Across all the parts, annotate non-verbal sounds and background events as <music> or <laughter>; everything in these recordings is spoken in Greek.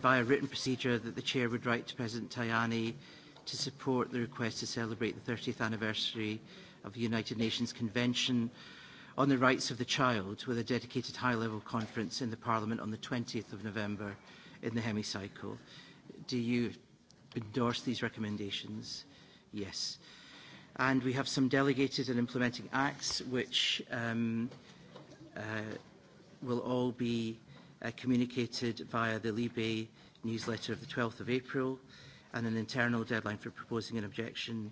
via written procedure that the Chair would write to President Tajani to support the request to celebrate the 30th anniversary of the United Nations Convention on the Rights of the Child with a dedicated high-level conference in the Parliament on the 20th of November in the hemicycle. Do you endorse these recommendations? Yes. And we have some delegated and implementing acts which will all be communicated via the Libe newsletter of the 12th of April, and an internal deadline for proposing an objection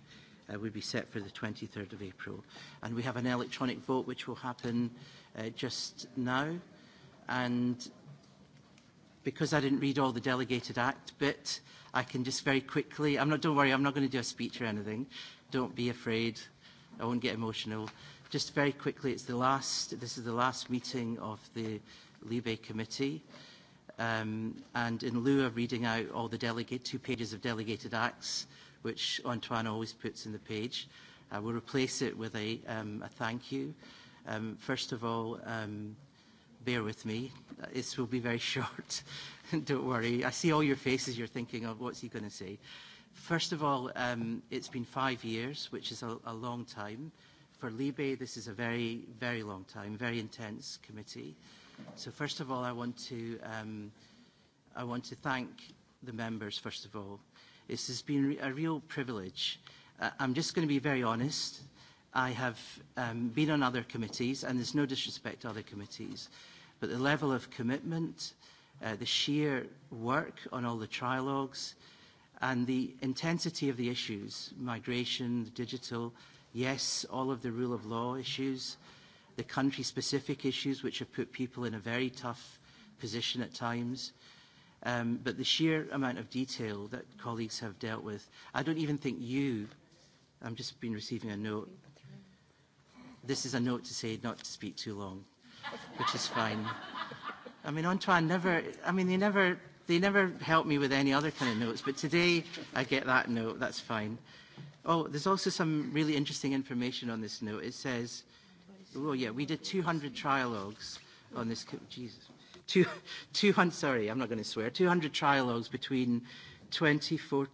would be set for the 23rd of April. And we have an electronic vote which will happen just now. And because I didn't read all the delegated act bit, I can just very quickly, I'm not, don't worry, I'm not going to do a speech or anything. Don't be afraid. I won't get emotional. Just very quickly, it's the last, this is the last meeting of the Libe Committee. Um, and in lieu of reading out all the delegate, two pages of delegated acts, which Antoine always puts in the page, I will replace it with a, um, a thank you. Um, first of all, um, bear with me. This will be very short. Don't worry. I see all your faces. You're thinking of what's he going to say. First of all, um, it's been five years, which is a, a long time. For Libe, this is a very, very long time, very intense committee. So first of all, I want to, um, I want to thank the members, first of all. This has been a real privilege. I'm just going to be very honest. I have um, been on other committees, and there's no disrespect to other committees, but the level of commitment, uh, the sheer work on all the trilogues, and the intensity of the issues, migration, digital, yes, all of the rule of law issues, the country-specific issues which have put people in a very tough position at times. Um, but the sheer amount of detail that colleagues have dealt with, I don't even think you, im just been receiving a note. This is a note to say not to speak too long, which is fine. I mean, Antoine never, I mean, they never, they never help me with any other kind of notes, but today I get that note, that's fine. Oh, there's also some really interesting information on this note. It says, well, yeah, we did 200 trialogues on this. Jesus. Two, 200, sorry, I'm not going to swear. 200 trialogues between 24.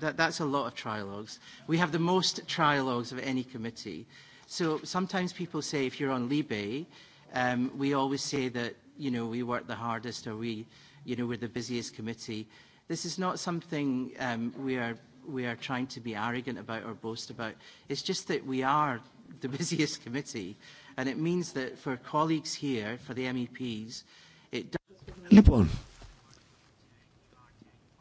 That, that's a lot of trialogues. We have the most trialogues of any committee. So sometimes people say if you're on Libe, um, we always say that, you know, we work the hardest or we, you know, we're the busiest committee. This is not something um, we, are, we are trying to be arrogant about or boast about. It's just that we are the busiest <laughs> committee, and it Λοιπόν,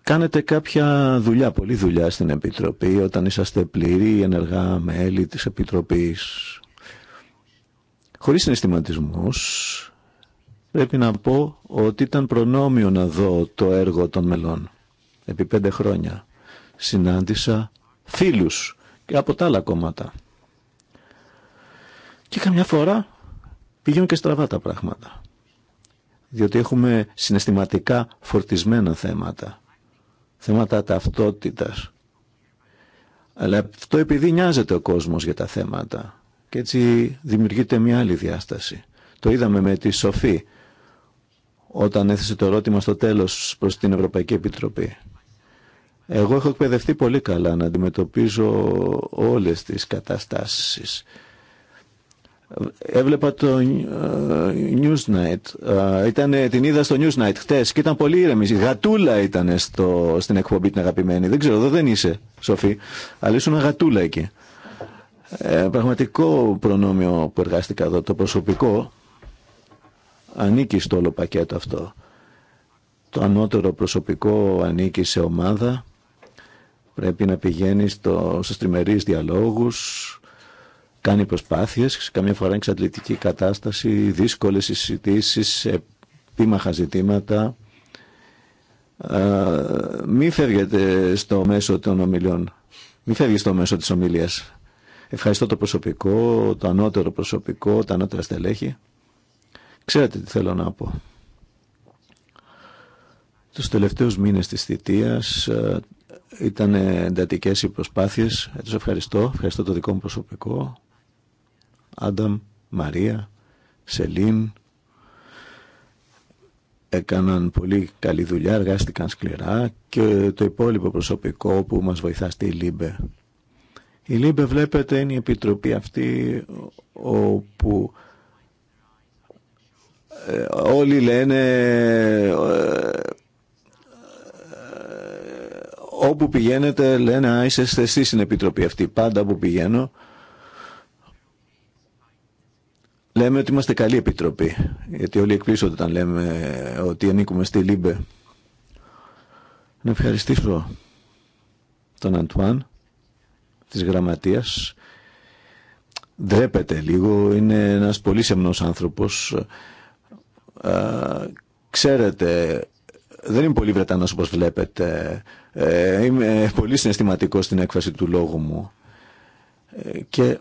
κάνετε κάποια δουλειά, πολλή δουλειά στην Επιτροπή όταν είσαστε πλήρη ενεργά μέλη της Επιτροπής. Χωρίς συναισθηματισμούς, πρέπει να πω ότι ήταν προνόμιο να δω το έργο των μελών. Επί πέντε χρόνια συνάντησα φίλους και από τα άλλα κόμματα. Και καμιά φορά πηγαίνουν και στραβά τα πράγματα. Διότι έχουμε συναισθηματικά φορτισμένα θέματα. Θέματα ταυτότητας. Αλλά αυτό επειδή νοιάζεται ο κόσμος για τα θέματα. Και έτσι δημιουργείται μια άλλη διάσταση. Το είδαμε με τη Σοφή όταν έθεσε το ερώτημα στο τέλος προς την Ευρωπαϊκή Επιτροπή. Εγώ έχω εκπαιδευτεί πολύ καλά να αντιμετωπίζω όλες τις καταστάσεις Έβλεπα το ε, Newsnight. Ε, ήταν, ε, την είδα στο Newsnight χτε και ήταν πολύ ήρεμη. Γατούλα ήταν στο, στην εκπομπή την αγαπημένη. Δεν ξέρω, εδώ δεν είσαι, Σοφή, αλλά ήσουν γατούλα εκεί. πραγματικό προνόμιο που εργάστηκα εδώ, το προσωπικό, ανήκει στο όλο πακέτο αυτό. Το ανώτερο προσωπικό ανήκει σε ομάδα. Πρέπει να πηγαίνει στο, στους διαλόγους, κάνει προσπάθειες, καμιά φορά εξαντλητική κατάσταση, δύσκολες συζητήσει, ε, επίμαχα ζητήματα. Μην φεύγετε στο μέσο των ομιλιών. Μην φεύγει στο μέσο της ομιλίας. Ευχαριστώ το προσωπικό, το ανώτερο προσωπικό, τα ανώτερα στελέχη. Ξέρετε τι θέλω να πω. Τους τελευταίους μήνες της θητείας ε, ήταν εντατικές οι προσπάθειες. Ε, τους ευχαριστώ. Ευχαριστώ το δικό μου προσωπικό. Άνταμ, Μαρία, Σελήν. Έκαναν πολύ καλή δουλειά, εργάστηκαν σκληρά και το υπόλοιπο προσωπικό που μας βοηθά στη Λίμπε. Η Λίμπε βλέπετε είναι η επιτροπή αυτή όπου ε, όλοι λένε ε, όπου πηγαίνετε λένε α είσαι στην επιτροπή αυτή πάντα που πηγαίνω λέμε ότι είμαστε καλή επιτροπή. Γιατί όλοι εκπλήσονται όταν λέμε ότι ανήκουμε στη Λίμπε. Να ευχαριστήσω τον Αντουάν της γραμματείας. Δρέπεται λίγο, είναι ένας πολύ σεμνός άνθρωπος. ξέρετε, δεν είμαι πολύ Βρετανός όπως βλέπετε. Ε, είμαι πολύ συναισθηματικός στην έκφραση του λόγου μου. Ε, και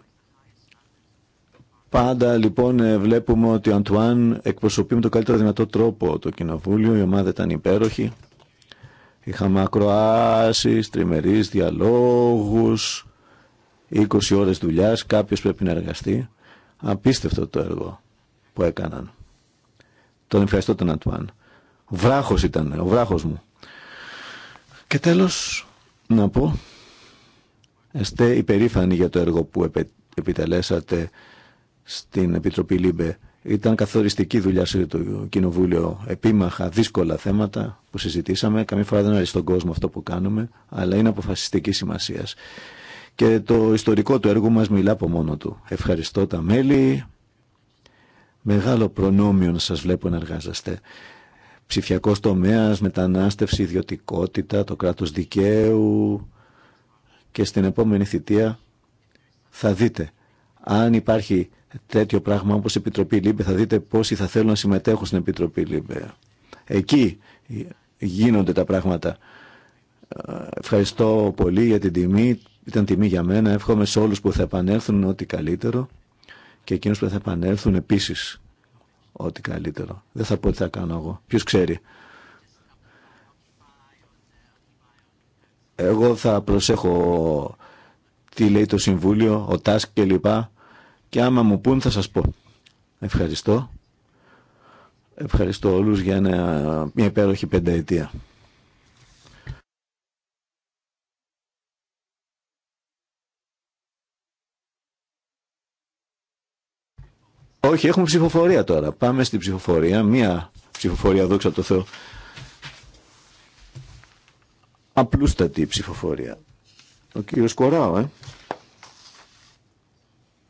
Πάντα λοιπόν ε, βλέπουμε ότι ο Αντουάν εκπροσωπεί με τον καλύτερο δυνατό τρόπο το κοινοβούλιο, η ομάδα ήταν υπέροχη. Είχαμε ακροάσεις, τριμερείς διαλόγους, 20 ώρες δουλειάς, κάποιος πρέπει να εργαστεί. Απίστευτο το έργο που έκαναν. Τον ευχαριστώ τον Αντουάν. Ο βράχος ήταν, ο βράχος μου. Και τέλος, να πω, είστε υπερήφανοι για το έργο που επιτελέσατε στην Επιτροπή ΛΥΜΠΕ. Ήταν καθοριστική δουλειά σε το Κοινοβούλιο. Επίμαχα, δύσκολα θέματα που συζητήσαμε. Καμία φορά δεν αρέσει στον κόσμο αυτό που κάνουμε, αλλά είναι αποφασιστική σημασία. Και το ιστορικό του έργου μας μιλά από μόνο του. Ευχαριστώ τα μέλη. Μεγάλο προνόμιο να σας βλέπω να εργάζεστε. Ψηφιακό τομέα, μετανάστευση, ιδιωτικότητα, το κράτος δικαίου. Και στην επόμενη θητεία θα δείτε αν υπάρχει τέτοιο πράγμα όπως η Επιτροπή Λίμπε θα δείτε πόσοι θα θέλουν να συμμετέχουν στην Επιτροπή Λίμπε. Εκεί γίνονται τα πράγματα. Ε, ευχαριστώ πολύ για την τιμή. Ήταν τιμή για μένα. Εύχομαι σε όλους που θα επανέλθουν ό,τι καλύτερο και εκείνους που θα επανέλθουν επίσης ό,τι καλύτερο. Δεν θα πω τι θα κάνω εγώ. Ποιος ξέρει. Εγώ θα προσέχω τι λέει το Συμβούλιο, ο ΤΑΣΚ κλπ και άμα μου πούν θα σας πω. Ευχαριστώ. Ευχαριστώ όλους για μια υπέροχη πενταετία. Όχι, έχουμε ψηφοφορία τώρα. Πάμε στην ψηφοφορία. Μία ψηφοφορία, δόξα τω Θεώ. Απλούστατη ψηφοφορία. Ο κύριος Κοράου, ε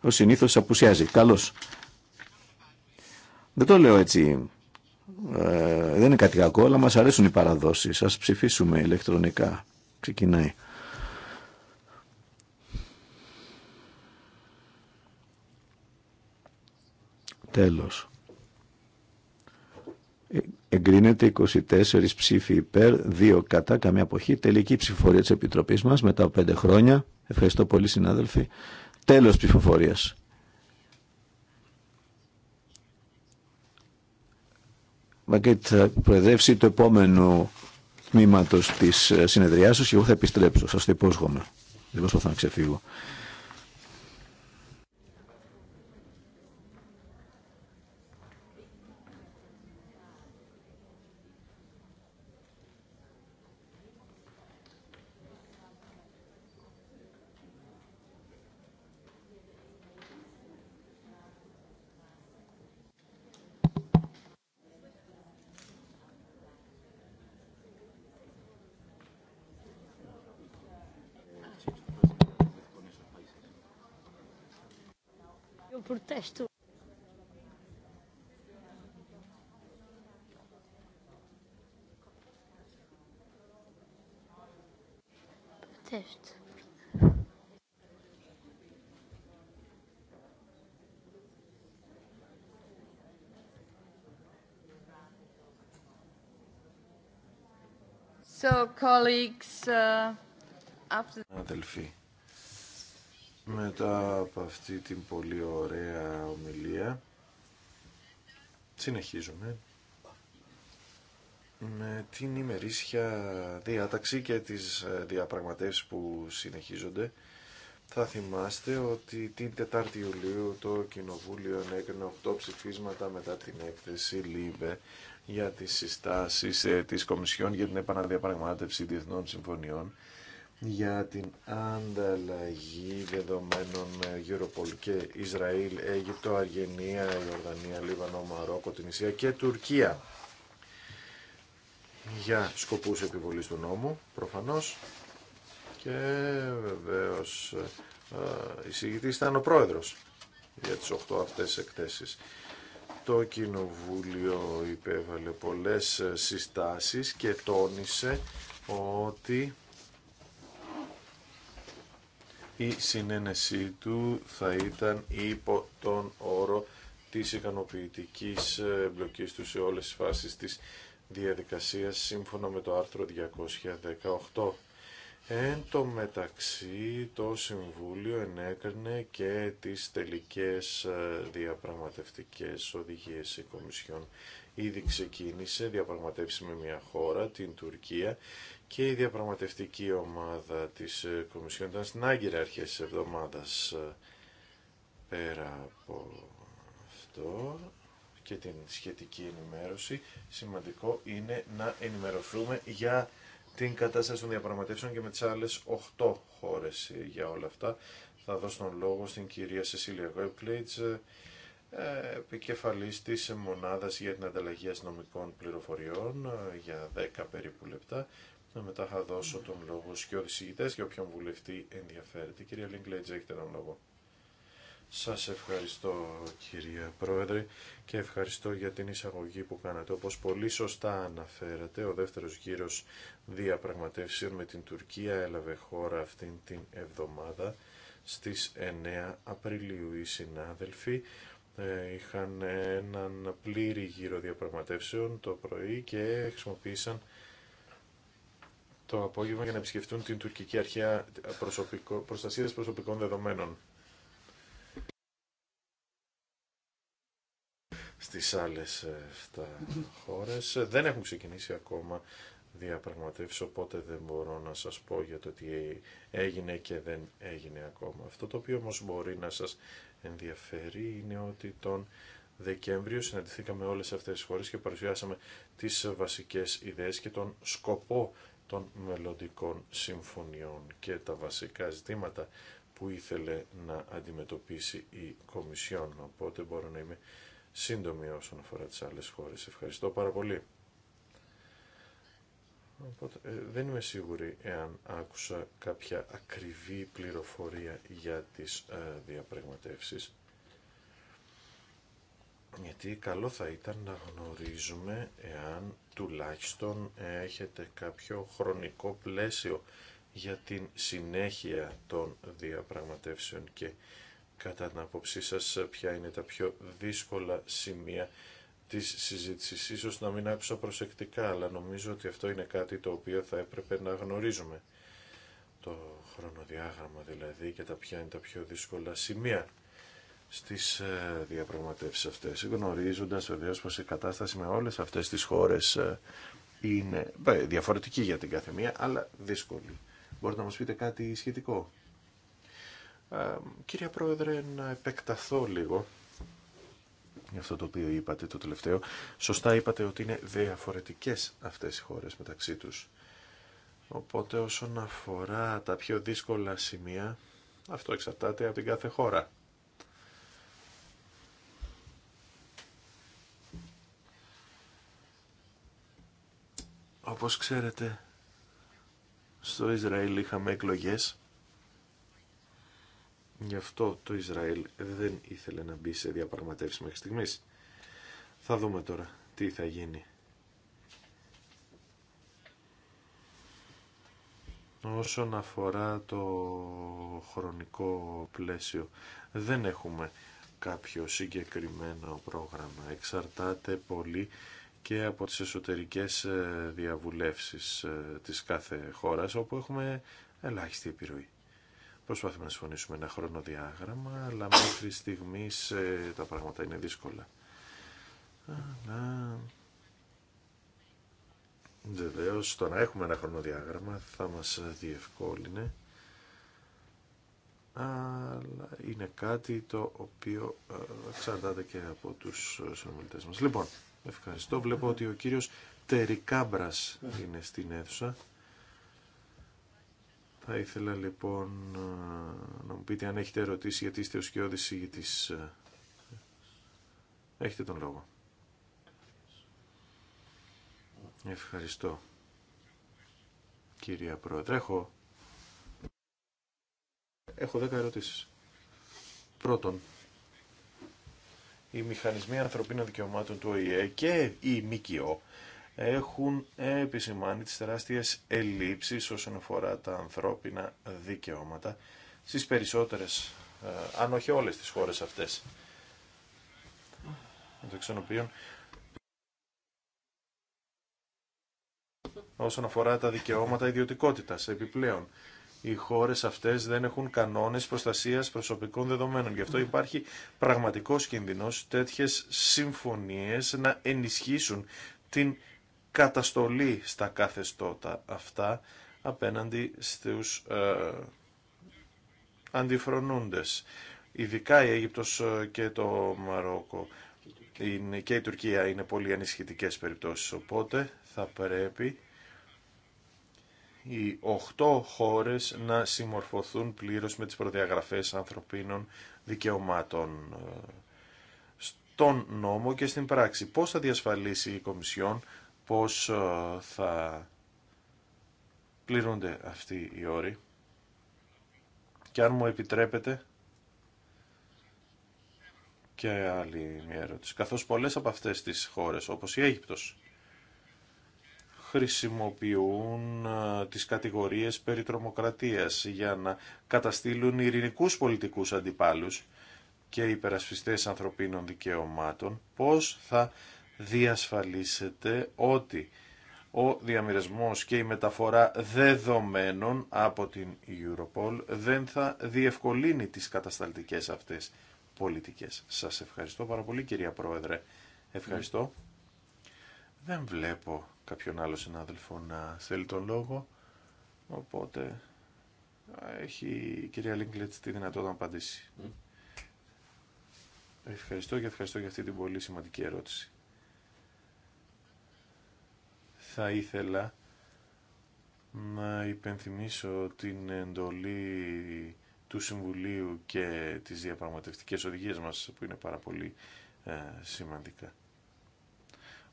ο συνήθως απουσιάζει. Καλώς. Δεν το λέω έτσι. Ε, δεν είναι κάτι κακό, αλλά μας αρέσουν οι παραδόσεις. Ας ψηφίσουμε ηλεκτρονικά. Ξεκινάει. Τέλος. Ε, εγκρίνεται 24 ψήφοι υπέρ, 2 κατά, καμία αποχή. Τελική ψηφοφορία της Επιτροπής μας μετά από 5 χρόνια. Ευχαριστώ πολύ συνάδελφοι. Τέλος Μα και θα προεδρεύσει το επόμενο τμήματος της ε, συνεδριάσεως και εγώ θα επιστρέψω, σας το υπόσχομαι. Δεν προσπαθώ να ξεφύγω. Uh, Αδελφοί, μετά από αυτή την πολύ ωραία ομιλία, συνεχίζουμε με την ημερήσια διάταξη και τις διαπραγματεύσεις που συνεχίζονται. Θα θυμάστε ότι την 4η Ιουλίου το Κοινοβούλιο έκανε 8 ψηφίσματα μετά την έκθεση ΛΥΒΕ για τις συστάσεις ε, της Κομισιόν για την επαναδιαπραγμάτευση διεθνών συμφωνιών για την ανταλλαγή δεδομένων με Europol και Ισραήλ, Αίγυπτο, Αργενία, Ιορδανία, Λίβανο, Μαρόκο, Τινησία και Τουρκία για σκοπούς επιβολής του νόμου προφανώς και βεβαίως ε, ε, εισηγητής ήταν ο πρόεδρος για τις 8 αυτές εκθέσεις το Κοινοβούλιο υπέβαλε πολλές ε, συστάσεις και τόνισε ότι η συνένεσή του θα ήταν υπό τον όρο της ικανοποιητικής ε, εμπλοκής του σε όλες τις φάσεις της διαδικασίας σύμφωνα με το άρθρο 218. Εν τω μεταξύ το Συμβούλιο ενέκρινε και τις τελικές ε, διαπραγματευτικές οδηγίες η Κομισιόν. Ήδη ξεκίνησε διαπραγματεύσει με μια χώρα, την Τουρκία, και η διαπραγματευτική ομάδα της ε, Κομισιόν ήταν στην Άγκυρα αρχές της εβδομάδας ε, πέρα από αυτό και την σχετική ενημέρωση. Σημαντικό είναι να ενημερωθούμε για την κατάσταση των διαπραγματεύσεων και με τις άλλες 8 χώρες ε, για όλα αυτά. Θα δώσω τον λόγο στην κυρία Σεσίλια Γουέπκλειτς, ε, επικεφαλής της Μονάδας για την Ανταλλαγή Αστυνομικών Πληροφοριών ε, για 10 περίπου λεπτά. Μετά θα δώσω τον λόγο στους και οδησηγητές και όποιον βουλευτή ενδιαφέρεται. Κυρία Λιγκλέτζ, έχετε τον λόγο. Σας ευχαριστώ κυρία Πρόεδρε και ευχαριστώ για την εισαγωγή που κάνατε. Όπως πολύ σωστά αναφέρατε, ο δεύτερος γύρος διαπραγματεύσεων με την Τουρκία έλαβε χώρα αυτήν την εβδομάδα στις 9 Απριλίου. Οι συνάδελφοι ε, είχαν έναν πλήρη γύρο διαπραγματεύσεων το πρωί και χρησιμοποίησαν το απόγευμα για να επισκεφτούν την τουρκική αρχαία προσωπικό, προσωπικών δεδομένων. στις άλλες ε, στα χώρες. Ε, δεν έχουν ξεκινήσει ακόμα διαπραγματεύσεις, οπότε δεν μπορώ να σας πω για το τι έγινε και δεν έγινε ακόμα. Αυτό το οποίο όμως μπορεί να σας ενδιαφέρει είναι ότι τον Δεκέμβριο συναντηθήκαμε όλες αυτές τις χώρες και παρουσιάσαμε τις βασικές ιδέες και τον σκοπό των μελλοντικών συμφωνιών και τα βασικά ζητήματα που ήθελε να αντιμετωπίσει η Κομισιόν. Οπότε μπορώ να σύντομη όσον αφορά τις άλλες χώρες. Ευχαριστώ πάρα πολύ. Ε, δεν είμαι σίγουρη εάν άκουσα κάποια ακριβή πληροφορία για τις ε, διαπραγματεύσεις. Γιατί καλό θα ήταν να γνωρίζουμε εάν τουλάχιστον έχετε κάποιο χρονικό πλαίσιο για την συνέχεια των διαπραγματεύσεων και κατά την απόψή σας ποια είναι τα πιο δύσκολα σημεία της συζήτησης. Ίσως να μην άκουσα προσεκτικά, αλλά νομίζω ότι αυτό είναι κάτι το οποίο θα έπρεπε να γνωρίζουμε. Το χρονοδιάγραμμα δηλαδή και τα ποια είναι τα πιο δύσκολα σημεία στις ε, διαπραγματεύσεις αυτές, γνωρίζοντας βεβαίως πως η κατάσταση με όλες αυτές τις χώρες ε, είναι ε, διαφορετική για την καθεμία, αλλά δύσκολη. Μπορείτε να μας πείτε κάτι σχετικό. Ε, κύριε Πρόεδρε, να επεκταθώ λίγο για αυτό το οποίο είπατε το τελευταίο. Σωστά είπατε ότι είναι διαφορετικές αυτές οι χώρες μεταξύ τους. Οπότε όσον αφορά τα πιο δύσκολα σημεία, αυτό εξαρτάται από την κάθε χώρα. Όπως ξέρετε, στο Ισραήλ είχαμε εκλογές Γι' αυτό το Ισραήλ δεν ήθελε να μπει σε διαπραγματεύσεις μέχρι στιγμής. Θα δούμε τώρα τι θα γίνει. Όσον αφορά το χρονικό πλαίσιο, δεν έχουμε κάποιο συγκεκριμένο πρόγραμμα. Εξαρτάται πολύ και από τις εσωτερικές ε, διαβουλεύσεις ε, της κάθε χώρας, όπου έχουμε ελάχιστη επιρροή. Προσπαθούμε να συμφωνήσουμε ένα χρονοδιάγραμμα, αλλά μέχρι στιγμής ε, τα πράγματα είναι δύσκολα. Αλλά... Βεβαίω, το να έχουμε ένα χρονοδιάγραμμα θα μας διευκόλυνε, αλλά είναι κάτι το οποίο ε, εξαρτάται και από τους συνομιλητές μας. Λοιπόν, ευχαριστώ. Βλέπω ότι ο κύριος Τερικάμπρας είναι στην αίθουσα. Θα ήθελα λοιπόν να μου πείτε αν έχετε ερωτήσει γιατί είστε ο ή Έχετε τον λόγο. Ευχαριστώ. Κυρία Πρόεδρε, έχω... Έχω δέκα ερωτήσεις. Πρώτον, οι μηχανισμοί ανθρωπίνων δικαιωμάτων του ΟΗΕ και η ΜΚΟ έχουν επισημάνει τις τεράστιες ελλείψεις όσον αφορά τα ανθρώπινα δικαιώματα στις περισσότερες, ε, αν όχι όλες τις χώρες αυτές, όσον αφορά τα δικαιώματα ιδιωτικότητας επιπλέον. Οι χώρες αυτές δεν έχουν κανόνες προστασίας προσωπικών δεδομένων. Γι' αυτό υπάρχει πραγματικός κινδυνός τέτοιες συμφωνίες να ενισχύσουν την καταστολή στα καθεστώτα αυτά απέναντι στους ε, αντιφρονούντες. Ειδικά η Αίγυπτος ε, και το Μαρόκο είναι, και η Τουρκία είναι πολύ ανησυχητικές περιπτώσεις. Οπότε θα πρέπει οι οχτώ χώρες να συμμορφωθούν πλήρως με τις προδιαγραφές ανθρωπίνων δικαιωμάτων ε, στον νόμο και στην πράξη. Πώς θα διασφαλίσει η Κομισιόν πώς ε, θα πληρούνται αυτοί οι όροι. Και αν μου επιτρέπετε και άλλη μια ερώτηση. Καθώς πολλές από αυτές τις χώρες, όπως η Αίγυπτος, χρησιμοποιούν ε, τις κατηγορίες περί τρομοκρατίας για να καταστήλουν ειρηνικούς πολιτικούς αντιπάλους και υπερασπιστές ανθρωπίνων δικαιωμάτων, πώς θα διασφαλίσετε ότι ο διαμοιρασμός και η μεταφορά δεδομένων από την Europol δεν θα διευκολύνει τις κατασταλτικές αυτές πολιτικές. Σας ευχαριστώ πάρα πολύ κυρία Πρόεδρε. Ευχαριστώ. Δεν βλέπω κάποιον άλλο συνάδελφο να θέλει τον λόγο, οπότε έχει η κυρία Λίγκλετς τη δυνατότητα να απαντήσει. Ευχαριστώ και ευχαριστώ για αυτή την πολύ σημαντική ερώτηση θα ήθελα να υπενθυμίσω την εντολή του Συμβουλίου και τις διαπραγματευτικές οδηγίες μας που είναι πάρα πολύ ε, σημαντικά.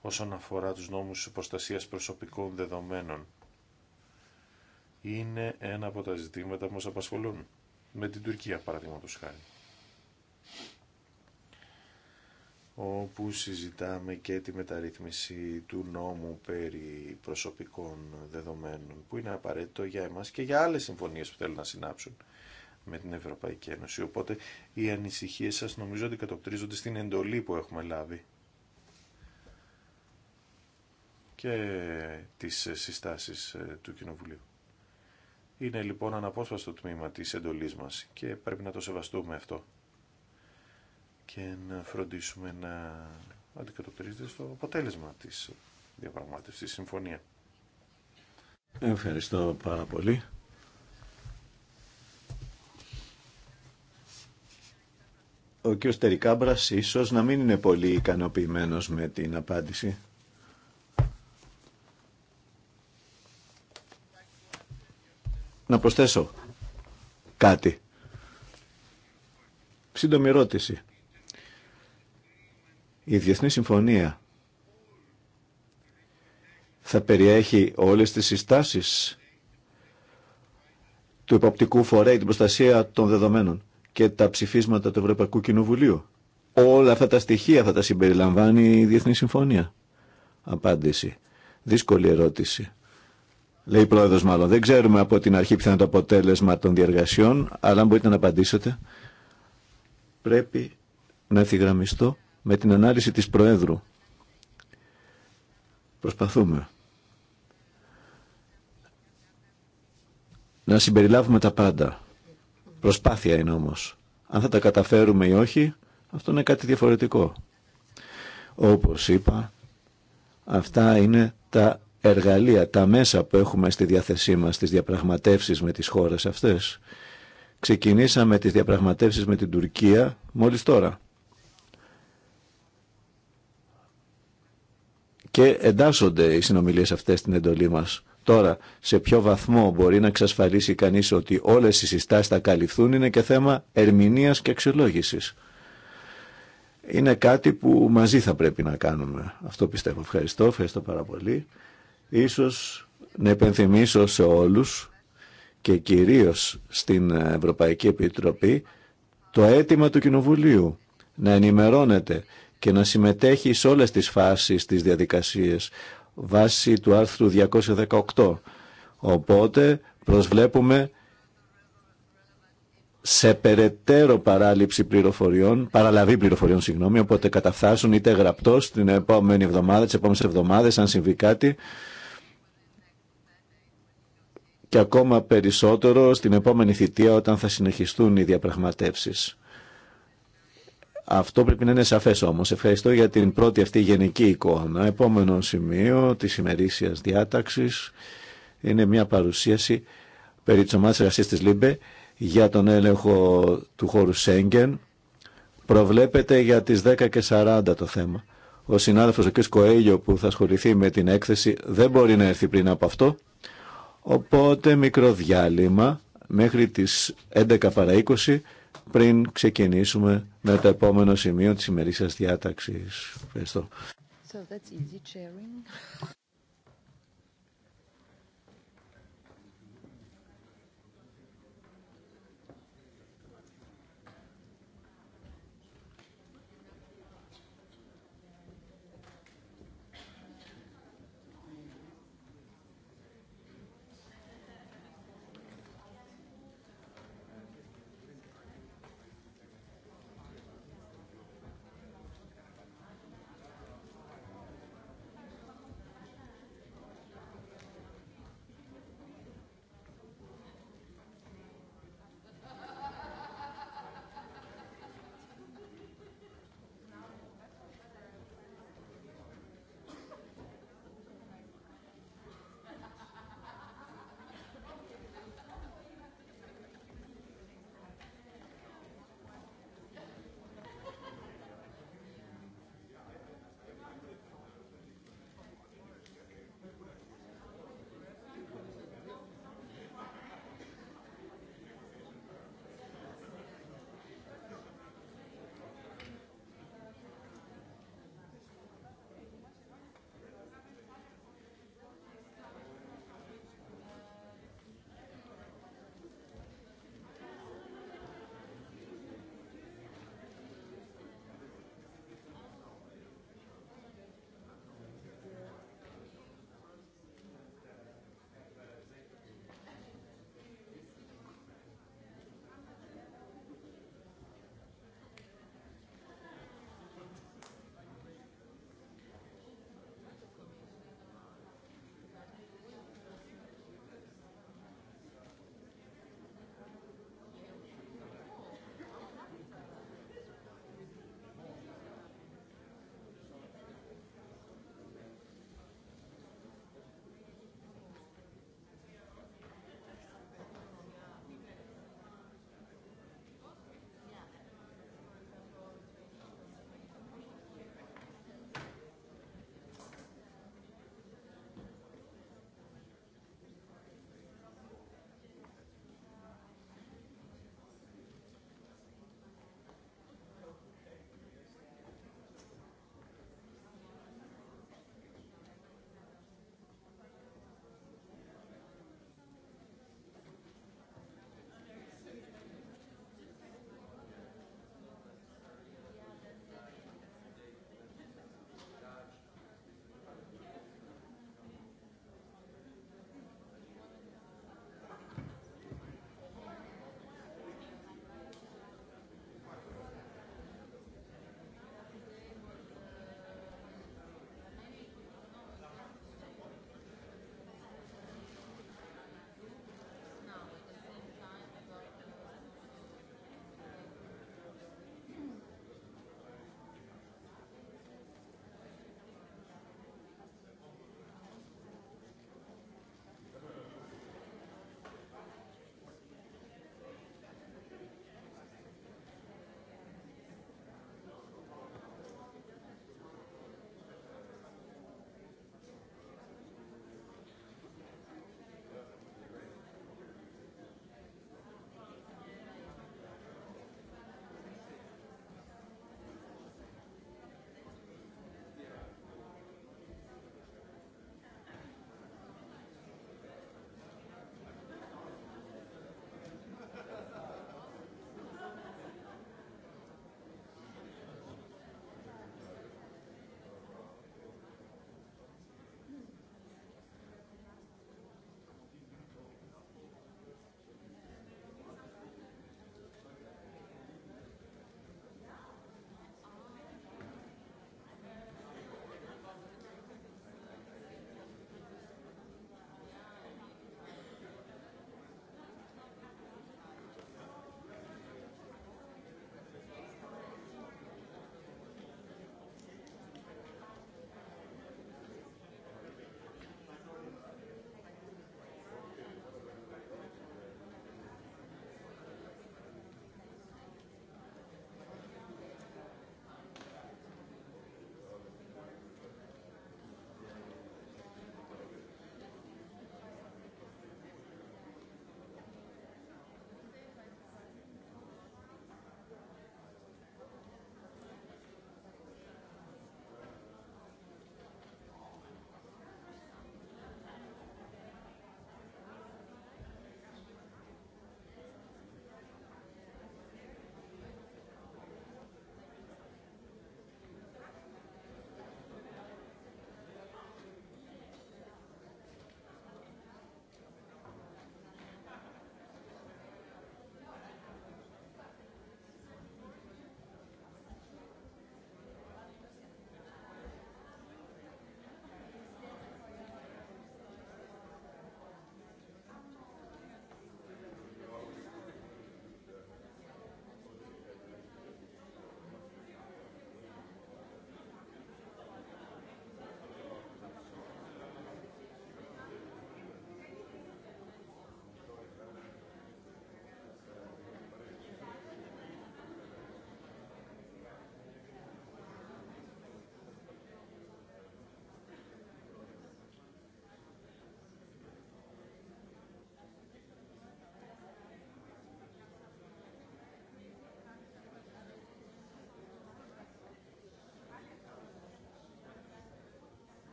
Όσον αφορά τους νόμους προστασίας προσωπικών δεδομένων, είναι ένα από τα ζητήματα που μας απασχολούν. Με την Τουρκία, παραδείγματος χάρη. όπου συζητάμε και τη μεταρρύθμιση του νόμου περί προσωπικών δεδομένων που είναι απαραίτητο για εμάς και για άλλες συμφωνίες που θέλουν να συνάψουν με την Ευρωπαϊκή Ένωση. Οπότε οι ανησυχίες σας νομίζω ότι κατοπτρίζονται στην εντολή που έχουμε λάβει και τις συστάσεις ε, του Κοινοβουλίου. Είναι λοιπόν αναπόσπαστο τμήμα της εντολής μας και πρέπει να το σεβαστούμε αυτό και να φροντίσουμε να αντικατοπτρίζεται στο αποτέλεσμα της διαπραγμάτευσης της συμφωνία. Ευχαριστώ πάρα πολύ. Ο κ. Τερικάμπρας ίσως να μην είναι πολύ ικανοποιημένος με την απάντηση. Να προσθέσω κάτι. Σύντομη ερώτηση. Η Διεθνή Συμφωνία θα περιέχει όλες τις συστάσεις του υποπτικού φορέα την προστασία των δεδομένων και τα ψηφίσματα του Ευρωπαϊκού Κοινοβουλίου. Όλα αυτά τα στοιχεία θα τα συμπεριλαμβάνει η Διεθνή Συμφωνία. Απάντηση. Δύσκολη ερώτηση. Λέει η πρόεδρο, μάλλον. Δεν ξέρουμε από την αρχή ποιο είναι το αποτέλεσμα των διαργασιών, αλλά αν μπορείτε να απαντήσετε, πρέπει να ευθυγραμμιστώ με την ανάλυση της Προέδρου. Προσπαθούμε να συμπεριλάβουμε τα πάντα. Προσπάθεια είναι όμως. Αν θα τα καταφέρουμε ή όχι, αυτό είναι κάτι διαφορετικό. Όπως είπα, αυτά είναι τα εργαλεία, τα μέσα που έχουμε στη διάθεσή μας, τις διαπραγματεύσεις με τις χώρες αυτές. Ξεκινήσαμε τις διαπραγματεύσεις με την Τουρκία μόλις τώρα. και εντάσσονται οι συνομιλίες αυτές στην εντολή μας. Τώρα, σε ποιο βαθμό μπορεί να εξασφαλίσει κανείς ότι όλες οι συστάσεις θα καλυφθούν είναι και θέμα ερμηνείας και αξιολόγησης. Είναι κάτι που μαζί θα πρέπει να κάνουμε. Αυτό πιστεύω. Ευχαριστώ, ευχαριστώ πάρα πολύ. Ίσως να επενθυμίσω σε όλους και κυρίως στην Ευρωπαϊκή Επιτροπή το αίτημα του Κοινοβουλίου να ενημερώνεται και να συμμετέχει σε όλες τις φάσεις της διαδικασίας βάσει του άρθρου 218. Οπότε προσβλέπουμε σε περαιτέρω παράληψη πληροφοριών, παραλαβή πληροφοριών, συγγνώμη, οπότε καταφθάσουν είτε γραπτό την επόμενη εβδομάδα, τι επόμενε εβδομάδε, αν συμβεί κάτι, και ακόμα περισσότερο στην επόμενη θητεία όταν θα συνεχιστούν οι διαπραγματεύσεις. Αυτό πρέπει να είναι σαφές όμως. Ευχαριστώ για την πρώτη αυτή γενική εικόνα. Επόμενο σημείο της ημερήσιας διάταξης είναι μια παρουσίαση περί της ομάδας εργασίας της ΛΥΜΠΕ για τον έλεγχο του χώρου Σέγγεν. Προβλέπεται για τις 10 και το θέμα. Ο συνάδελφος ο κ. Κοέλιο που θα ασχοληθεί με την έκθεση δεν μπορεί να έρθει πριν από αυτό. Οπότε μικρό διάλειμμα μέχρι τις 11 παρα 20 πριν ξεκινήσουμε με το επόμενο σημείο της σημερινής διάταξης. Ευχαριστώ. So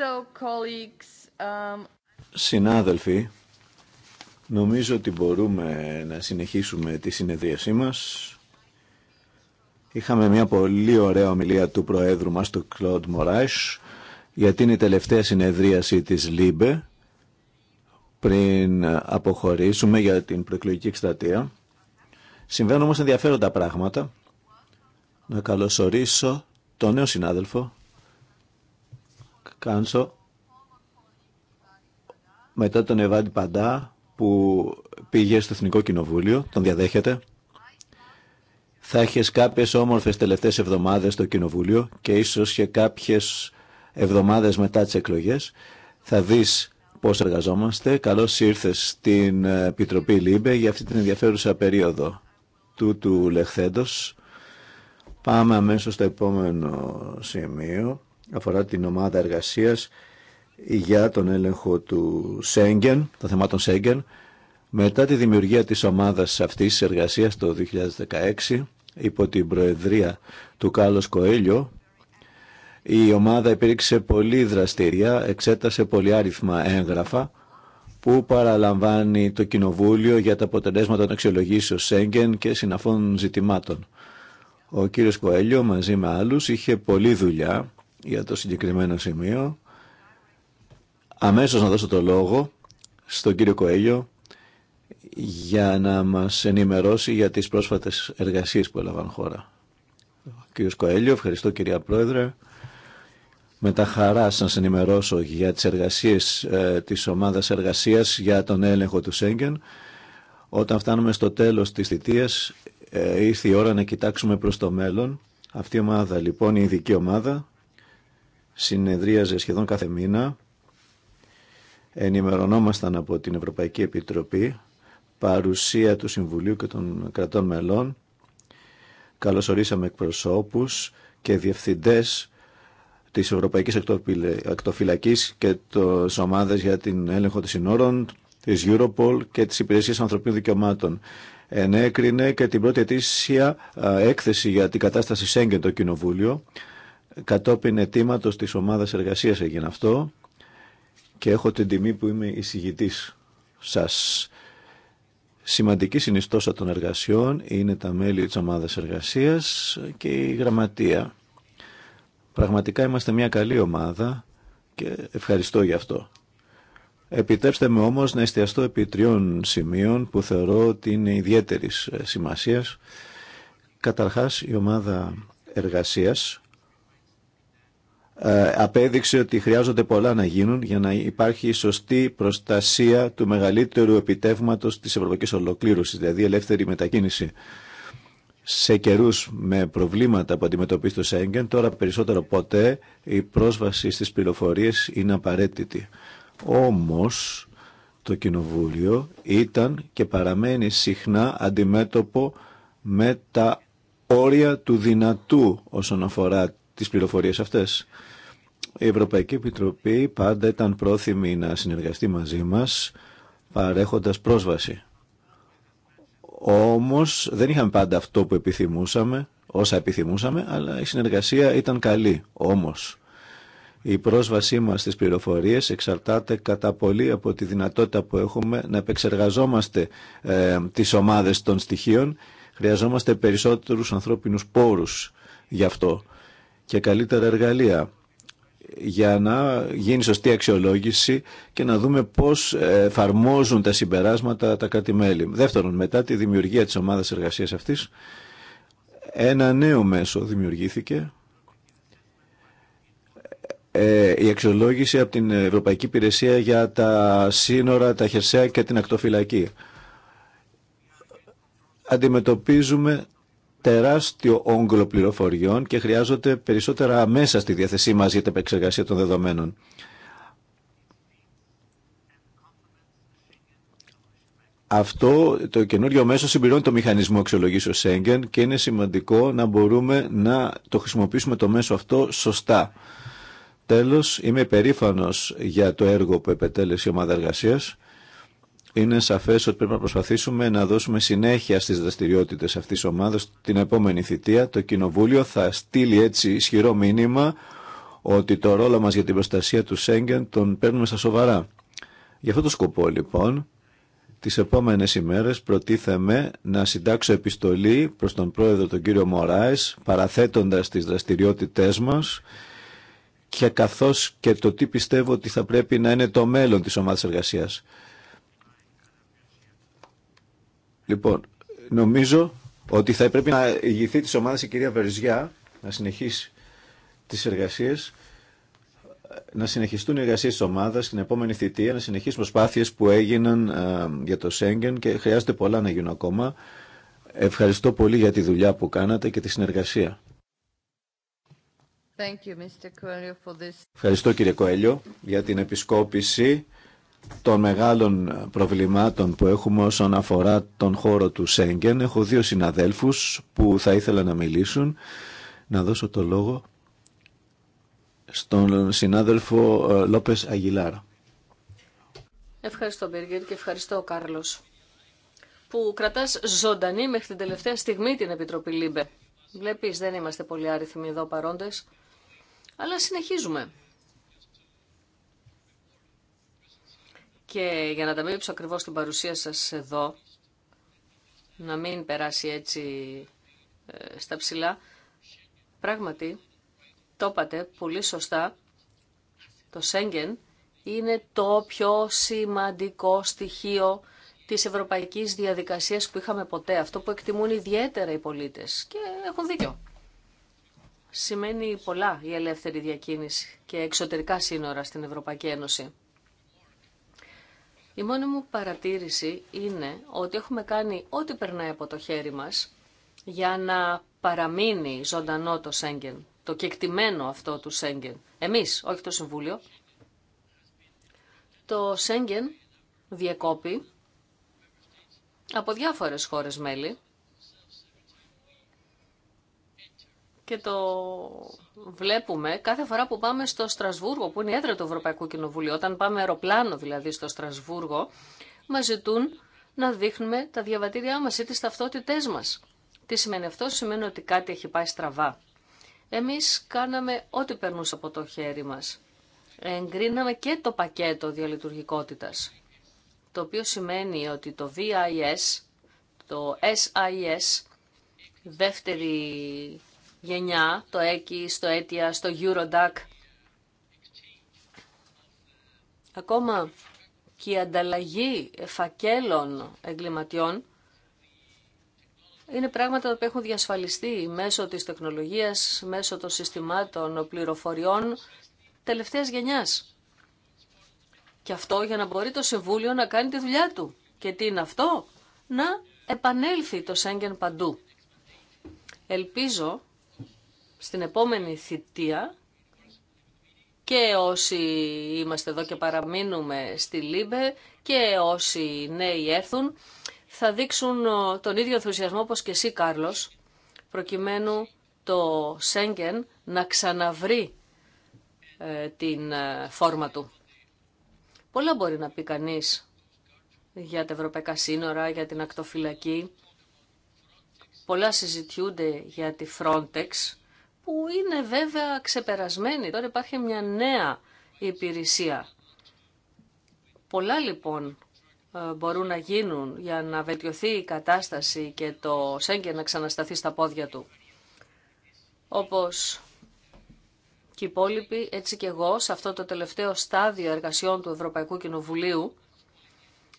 Um, Συνάδελφοι, νομίζω ότι μπορούμε να συνεχίσουμε τη συνεδρίασή μας. Είχαμε μια πολύ ωραία ομιλία του Προέδρου μας, του Κλοντ Μοράις, για την τελευταία συνεδρίαση της ΛΥΜΠΕ πριν αποχωρήσουμε για την προεκλογική εκστρατεία. Συμβαίνουν όμως ενδιαφέροντα πράγματα. Να καλωσορίσω τον νέο συνάδελφο, Κάνσο μετά τον Εβάντι Παντά που πήγε στο Εθνικό Κοινοβούλιο, τον διαδέχεται. Θα έχει κάποιες όμορφες τελευταίες εβδομάδες στο Κοινοβούλιο και ίσως και κάποιες εβδομάδες μετά τις εκλογές. Θα δεις πώς εργαζόμαστε. Καλώς ήρθες στην Επιτροπή Λίμπε για αυτή την ενδιαφέρουσα περίοδο του του Λεχθέντος. Πάμε αμέσως στο επόμενο σημείο αφορά την ομάδα εργασίας για τον έλεγχο του Σέγγεν, των θεμάτων Σέγγεν. Μετά τη δημιουργία της ομάδας αυτής της εργασίας το 2016, υπό την προεδρία του Κάλλος Κοέλιο, η ομάδα υπήρξε πολύ δραστηρία, εξέτασε πολύ άριθμα έγγραφα που παραλαμβάνει το Κοινοβούλιο για τα αποτελέσματα των αξιολογήσεων Σέγγεν και συναφών ζητημάτων. Ο κύριος Κοέλιο μαζί με άλλους είχε πολλή δουλειά για το συγκεκριμένο σημείο. Αμέσως να δώσω το λόγο στον κύριο Κοέλιο για να μας ενημερώσει για τις πρόσφατες εργασίες που έλαβαν χώρα. Κύριος Κοέλιο, ευχαριστώ κυρία Πρόεδρε. Με τα χαρά να σας ενημερώσω για τις εργασίες ε, της ομάδας εργασίας για τον έλεγχο του Σέγγεν. Όταν φτάνουμε στο τέλος της θητείας ε, ήρθε η ώρα να κοιτάξουμε προς το μέλλον. Αυτή η ομάδα λοιπόν, η ειδική ομάδα, συνεδρίαζε σχεδόν κάθε μήνα. Ενημερωνόμασταν από την Ευρωπαϊκή Επιτροπή, παρουσία του Συμβουλίου και των κρατών μελών. Καλωσορίσαμε εκπροσώπους και διευθυντές της Ευρωπαϊκής Ακτοφυλακής και τις ομάδες για την έλεγχο των συνόρων, της Europol και της Υπηρεσίας Ανθρωπίνων Δικαιωμάτων. Ενέκρινε και την πρώτη ετήσια έκθεση για την κατάσταση Σέγγεν το Κοινοβούλιο. Κατόπιν αιτήματος της ομάδας εργασίας έγινε αυτό και έχω την τιμή που είμαι εισηγητής σας. Σημαντική συνιστόσα των εργασιών είναι τα μέλη της ομάδας εργασίας και η γραμματεία. Πραγματικά είμαστε μια καλή ομάδα και ευχαριστώ γι' αυτό. Επιτρέψτε με όμως να εστιαστώ επί τριών σημείων που θεωρώ ότι είναι ιδιαίτερης σημασίας. Καταρχάς η ομάδα εργασίας ε, απέδειξε ότι χρειάζονται πολλά να γίνουν για να υπάρχει η σωστή προστασία του μεγαλύτερου επιτεύγματος της ευρωπαϊκής ολοκλήρωσης, δηλαδή ελεύθερη μετακίνηση. Σε καιρού με προβλήματα που αντιμετωπίζει το Σέγγεν, τώρα περισσότερο ποτέ η πρόσβαση στις πληροφορίες είναι απαραίτητη. Όμως, το Κοινοβούλιο ήταν και παραμένει συχνά αντιμέτωπο με τα όρια του δυνατού όσον αφορά τις πληροφορίες αυτές. Η Ευρωπαϊκή Επιτροπή πάντα ήταν πρόθυμη να συνεργαστεί μαζί μας παρέχοντας πρόσβαση. Όμως δεν είχαμε πάντα αυτό που επιθυμούσαμε, όσα επιθυμούσαμε, αλλά η συνεργασία ήταν καλή. Όμως η πρόσβασή μας στις πληροφορίες εξαρτάται κατά πολύ από τη δυνατότητα που έχουμε να επεξεργαζόμαστε ε, τις ομάδες των στοιχείων. Χρειαζόμαστε περισσότερους ανθρώπινους πόρους γι' αυτό και καλύτερα εργαλεία για να γίνει σωστή αξιολόγηση και να δούμε πώς εφαρμόζουν τα συμπεράσματα τα κάτι μελη Δεύτερον, μετά τη δημιουργία της ομάδας εργασίας αυτής, ένα νέο μέσο δημιουργήθηκε, ε, η αξιολόγηση από την Ευρωπαϊκή Υπηρεσία για τα σύνορα, τα χερσαία και την ακτοφυλακή. Αντιμετωπίζουμε τεράστιο όγκλο πληροφοριών και χρειάζονται περισσότερα μέσα στη διάθεσή μας για την επεξεργασία των δεδομένων. Αυτό το καινούριο μέσο συμπληρώνει το μηχανισμό ο Σέγγεν και είναι σημαντικό να μπορούμε να το χρησιμοποιήσουμε το μέσο αυτό σωστά. Τέλος, είμαι περήφανος για το έργο που επετέλεσε η ομάδα εργασίας είναι σαφές ότι πρέπει να προσπαθήσουμε να δώσουμε συνέχεια στις δραστηριότητες αυτής της ομάδας την επόμενη θητεία. Το Κοινοβούλιο θα στείλει έτσι ισχυρό μήνυμα ότι το ρόλο μας για την προστασία του Σέγγεν τον παίρνουμε στα σοβαρά. Για αυτό το σκοπό λοιπόν τις επόμενες ημέρες προτίθεμε να συντάξω επιστολή προς τον πρόεδρο τον κύριο Μωράης παραθέτοντας τις δραστηριότητές μας και καθώς και το τι πιστεύω ότι θα πρέπει να είναι το μέλλον της ομάδας εργασίας. Λοιπόν, νομίζω ότι θα πρέπει να ηγηθεί τη ομάδα η κυρία Βερζιά να συνεχίσει τις εργασίες να συνεχιστούν οι εργασίες τη ομάδα στην επόμενη θητεία, να συνεχίσουν προσπάθειε που έγιναν ε, για το Σέγγεν και χρειάζεται πολλά να γίνουν ακόμα. Ευχαριστώ πολύ για τη δουλειά που κάνατε και τη συνεργασία. Thank you, Mr. for this. Ευχαριστώ κύριε Κοέλιο για την επισκόπηση των μεγάλων προβλημάτων που έχουμε όσον αφορά τον χώρο του Σέγγεν. Έχω δύο συναδέλφους που θα ήθελα να μιλήσουν. Να δώσω το λόγο στον συνάδελφο ε, Λόπες Αγγιλάρα. Ευχαριστώ Μπέργκερ και ευχαριστώ Κάρλος που κρατάς ζωντανή μέχρι την τελευταία στιγμή την Επιτροπή Λίμπε. Βλέπεις δεν είμαστε πολύ άριθμοι εδώ παρόντες, αλλά συνεχίζουμε. Και για να τα μίληψω ακριβώς την παρουσία σας εδώ, να μην περάσει έτσι ε, στα ψηλά, πράγματι, το είπατε πολύ σωστά, το Σέγγεν είναι το πιο σημαντικό στοιχείο της ευρωπαϊκής διαδικασίας που είχαμε ποτέ, αυτό που εκτιμούν ιδιαίτερα οι πολίτες και έχουν δίκιο. Σημαίνει πολλά η ελεύθερη διακίνηση και εξωτερικά σύνορα στην Ευρωπαϊκή Ένωση. Η μόνη μου παρατήρηση είναι ότι έχουμε κάνει ό,τι περνάει από το χέρι μας για να παραμείνει ζωντανό το Σέγγεν, το κεκτημένο αυτό του Σέγγεν. Εμείς, όχι το Συμβούλιο. Το Σέγγεν διεκόπη από διάφορες χώρες μέλη και το βλέπουμε κάθε φορά που πάμε στο Στρασβούργο, που είναι η έδρα του Ευρωπαϊκού Κοινοβουλίου, όταν πάμε αεροπλάνο δηλαδή στο Στρασβούργο, μα ζητούν να δείχνουμε τα διαβατήριά μας ή τι ταυτότητές μας. Τι σημαίνει αυτό, σημαίνει ότι κάτι έχει πάει στραβά. Εμείς κάναμε ό,τι περνούσε από το χέρι μας. Εγκρίναμε και το πακέτο διαλειτουργικότητα. το οποίο σημαίνει ότι το VIS, το SIS, δεύτερη γενιά, το ΕΚΙ, στο ΕΤΙΑ, στο Eurodac. Ακόμα και η ανταλλαγή φακέλων εγκληματιών είναι πράγματα που έχουν διασφαλιστεί μέσω της τεχνολογίας, μέσω των συστημάτων πληροφοριών τελευταίας γενιάς. Και αυτό για να μπορεί το Συμβούλιο να κάνει τη δουλειά του. Και τι είναι αυτό? Να επανέλθει το Σέγγεν παντού. Ελπίζω στην επόμενη θητεία και όσοι είμαστε εδώ και παραμείνουμε στη Λίμπε και όσοι νέοι έρθουν θα δείξουν ε, τον ίδιο ενθουσιασμό όπως και εσύ Κάρλος προκειμένου το Σέγγεν να ξαναβρει ε, την ε, φόρμα του. Πολλά μπορεί να πει κανείς για τα ευρωπαϊκά σύνορα, για την ακτοφυλακή. Πολλά συζητιούνται για τη Frontex που είναι βέβαια ξεπερασμένη. Τώρα υπάρχει μια νέα υπηρεσία. Πολλά λοιπόν ε, μπορούν να γίνουν για να βελτιωθεί η κατάσταση και το Σέγγεν να ξανασταθεί στα πόδια του. Όπως και οι υπόλοιποι, έτσι και εγώ, σε αυτό το τελευταίο στάδιο εργασιών του Ευρωπαϊκού Κοινοβουλίου,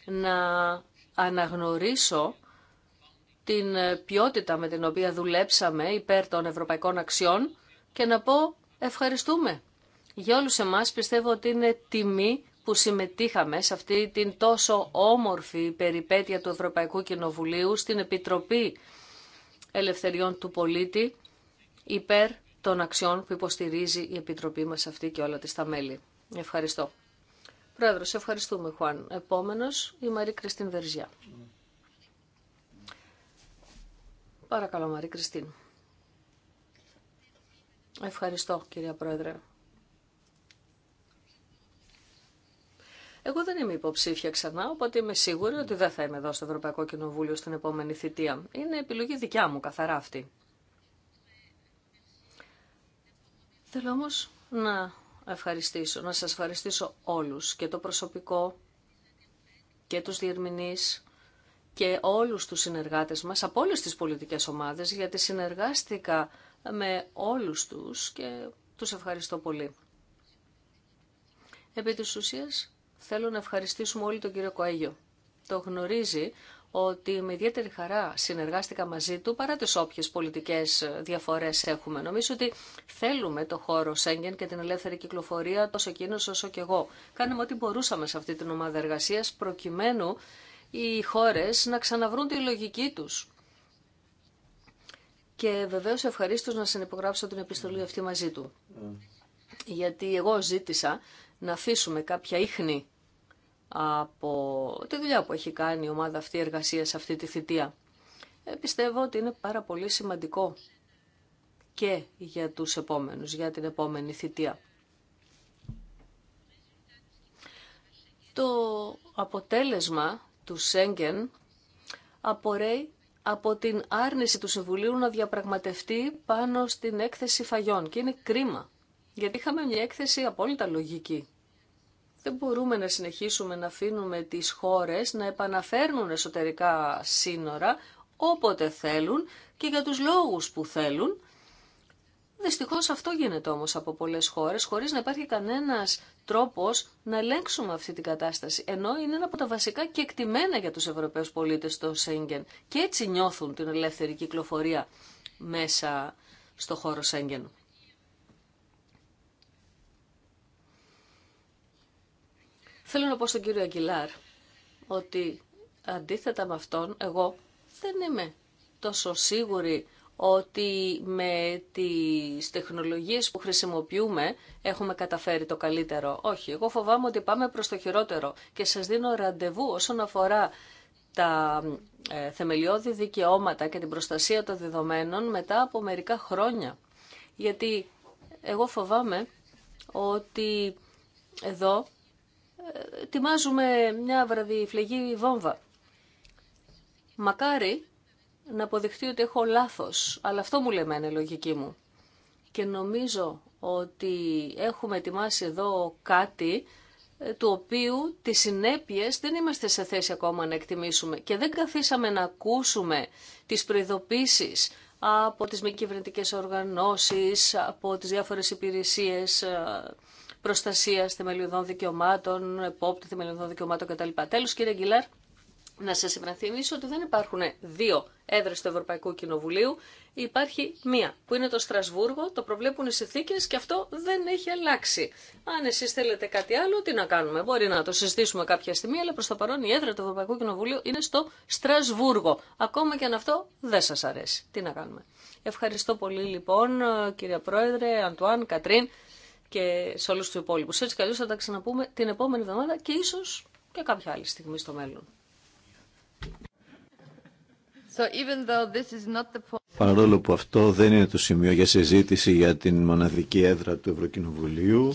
να αναγνωρίσω την ε, ποιότητα με την οποία δουλέψαμε υπέρ των ευρωπαϊκών αξιών και να πω ευχαριστούμε. Για όλους εμάς πιστεύω ότι είναι τιμή που συμμετείχαμε σε αυτή την τόσο όμορφη περιπέτεια του Ευρωπαϊκού Κοινοβουλίου στην Επιτροπή Ελευθεριών του Πολίτη υπέρ των αξιών που υποστηρίζει η Επιτροπή μας αυτή και όλα τη τα μέλη. Ευχαριστώ. Πρόεδρος, ευχαριστούμε Χουάν. Επόμενος η Μαρή Κριστίν Βερζιά. Παρακαλώ, Μαρή Κριστίν. Ευχαριστώ, κυρία Πρόεδρε. Εγώ δεν είμαι υποψήφια ξανά, οπότε είμαι σίγουρη ότι δεν θα είμαι εδώ στο Ευρωπαϊκό Κοινοβούλιο στην επόμενη θητεία. Είναι επιλογή δικιά μου, καθαρά αυτή. Θέλω όμως να ευχαριστήσω, να σας ευχαριστήσω όλους και το προσωπικό και τους διερμηνείς και όλους τους συνεργάτες μας από όλες τις πολιτικές ομάδες γιατί συνεργάστηκα με όλους τους και τους ευχαριστώ πολύ. Επί της ουσίας θέλω να ευχαριστήσουμε όλοι τον κύριο Κοέγιο. Το γνωρίζει ότι με ιδιαίτερη χαρά συνεργάστηκα μαζί του παρά τις όποιες πολιτικές διαφορές έχουμε. Νομίζω ότι θέλουμε το χώρο Σέγγεν και την ελεύθερη κυκλοφορία τόσο εκείνος όσο και εγώ. Κάνουμε ό,τι μπορούσαμε σε αυτή την ομάδα εργασίας προκειμένου οι χώρες να ξαναβρούν τη λογική τους. Και βεβαίως ευχαρίστως να συνυπογράψω την επιστολή αυτή μαζί του. Γιατί εγώ ζήτησα να αφήσουμε κάποια ίχνη από τη δουλειά που έχει κάνει η ομάδα αυτή εργασία σε αυτή τη θητεία. Ε, πιστεύω ότι είναι πάρα πολύ σημαντικό και για τους επόμενους, για την επόμενη θητεία. Το αποτέλεσμα του Σέγγεν απορρέει από την άρνηση του Συμβουλίου να διαπραγματευτεί πάνω στην έκθεση φαγιών. Και είναι κρίμα, γιατί είχαμε μια έκθεση απόλυτα λογική. Δεν μπορούμε να συνεχίσουμε να αφήνουμε τις χώρες να επαναφέρνουν εσωτερικά σύνορα όποτε θέλουν και για τους λόγους που θέλουν, Δυστυχώς αυτό γίνεται όμως από πολλές χώρες, χωρίς να υπάρχει κανένας τρόπος να ελέγξουμε αυτή την κατάσταση, ενώ είναι ένα από τα βασικά κεκτημένα για τους Ευρωπαίους πολίτες στο Σέγγεν και έτσι νιώθουν την ελεύθερη κυκλοφορία μέσα στο χώρο Σέγγεν. Θέλω να πω στον κύριο Αγγιλάρ ότι αντίθετα με αυτόν εγώ δεν είμαι τόσο σίγουρη ότι με τις τεχνολογίες που χρησιμοποιούμε έχουμε καταφέρει το καλύτερο. Όχι, εγώ φοβάμαι ότι πάμε προς το χειρότερο και σας δίνω ραντεβού όσον αφορά τα ε, θεμελιώδη δικαιώματα και την προστασία των δεδομένων μετά από μερικά χρόνια. Γιατί εγώ φοβάμαι ότι εδώ ε, ετοιμάζουμε μια βραδιφλεγή βόμβα. Μακάρι να αποδειχτεί ότι έχω λάθος. Αλλά αυτό μου λέμε είναι η λογική μου. Και νομίζω ότι έχουμε ετοιμάσει εδώ κάτι ε, του οποίου τις συνέπειες δεν είμαστε σε θέση ακόμα να εκτιμήσουμε και δεν καθίσαμε να ακούσουμε τις προειδοποίησεις από τις μη κυβερνητικέ οργανώσεις, από τις διάφορες υπηρεσίες ε, προστασίας θεμελιωδών δικαιωμάτων, επόπτη θεμελιωδών δικαιωμάτων κτλ. Τέλος κύριε Γκυλάρ, να σας υπενθυμίσω ότι δεν υπάρχουν δύο έδρες του Ευρωπαϊκού Κοινοβουλίου, υπάρχει μία που είναι το Στρασβούργο, το προβλέπουν οι συνθήκε και αυτό δεν έχει αλλάξει. Αν εσείς θέλετε κάτι άλλο, τι να κάνουμε. Μπορεί να το συζητήσουμε κάποια στιγμή, αλλά προς το παρόν η έδρα του Ευρωπαϊκού Κοινοβουλίου είναι στο Στρασβούργο. Ακόμα και αν αυτό δεν σας αρέσει. Τι να κάνουμε. Ευχαριστώ πολύ λοιπόν κυρία Πρόεδρε, Αντουάν, Κατρίν και σε όλους τους υπόλοιπους. Έτσι καλώς θα τα ξαναπούμε την επόμενη εβδομάδα και ίσως και κάποια άλλη στιγμή στο μέλλον. Παρόλο που αυτό δεν είναι το σημείο για συζήτηση για την μοναδική έδρα του Ευρωκοινοβουλίου,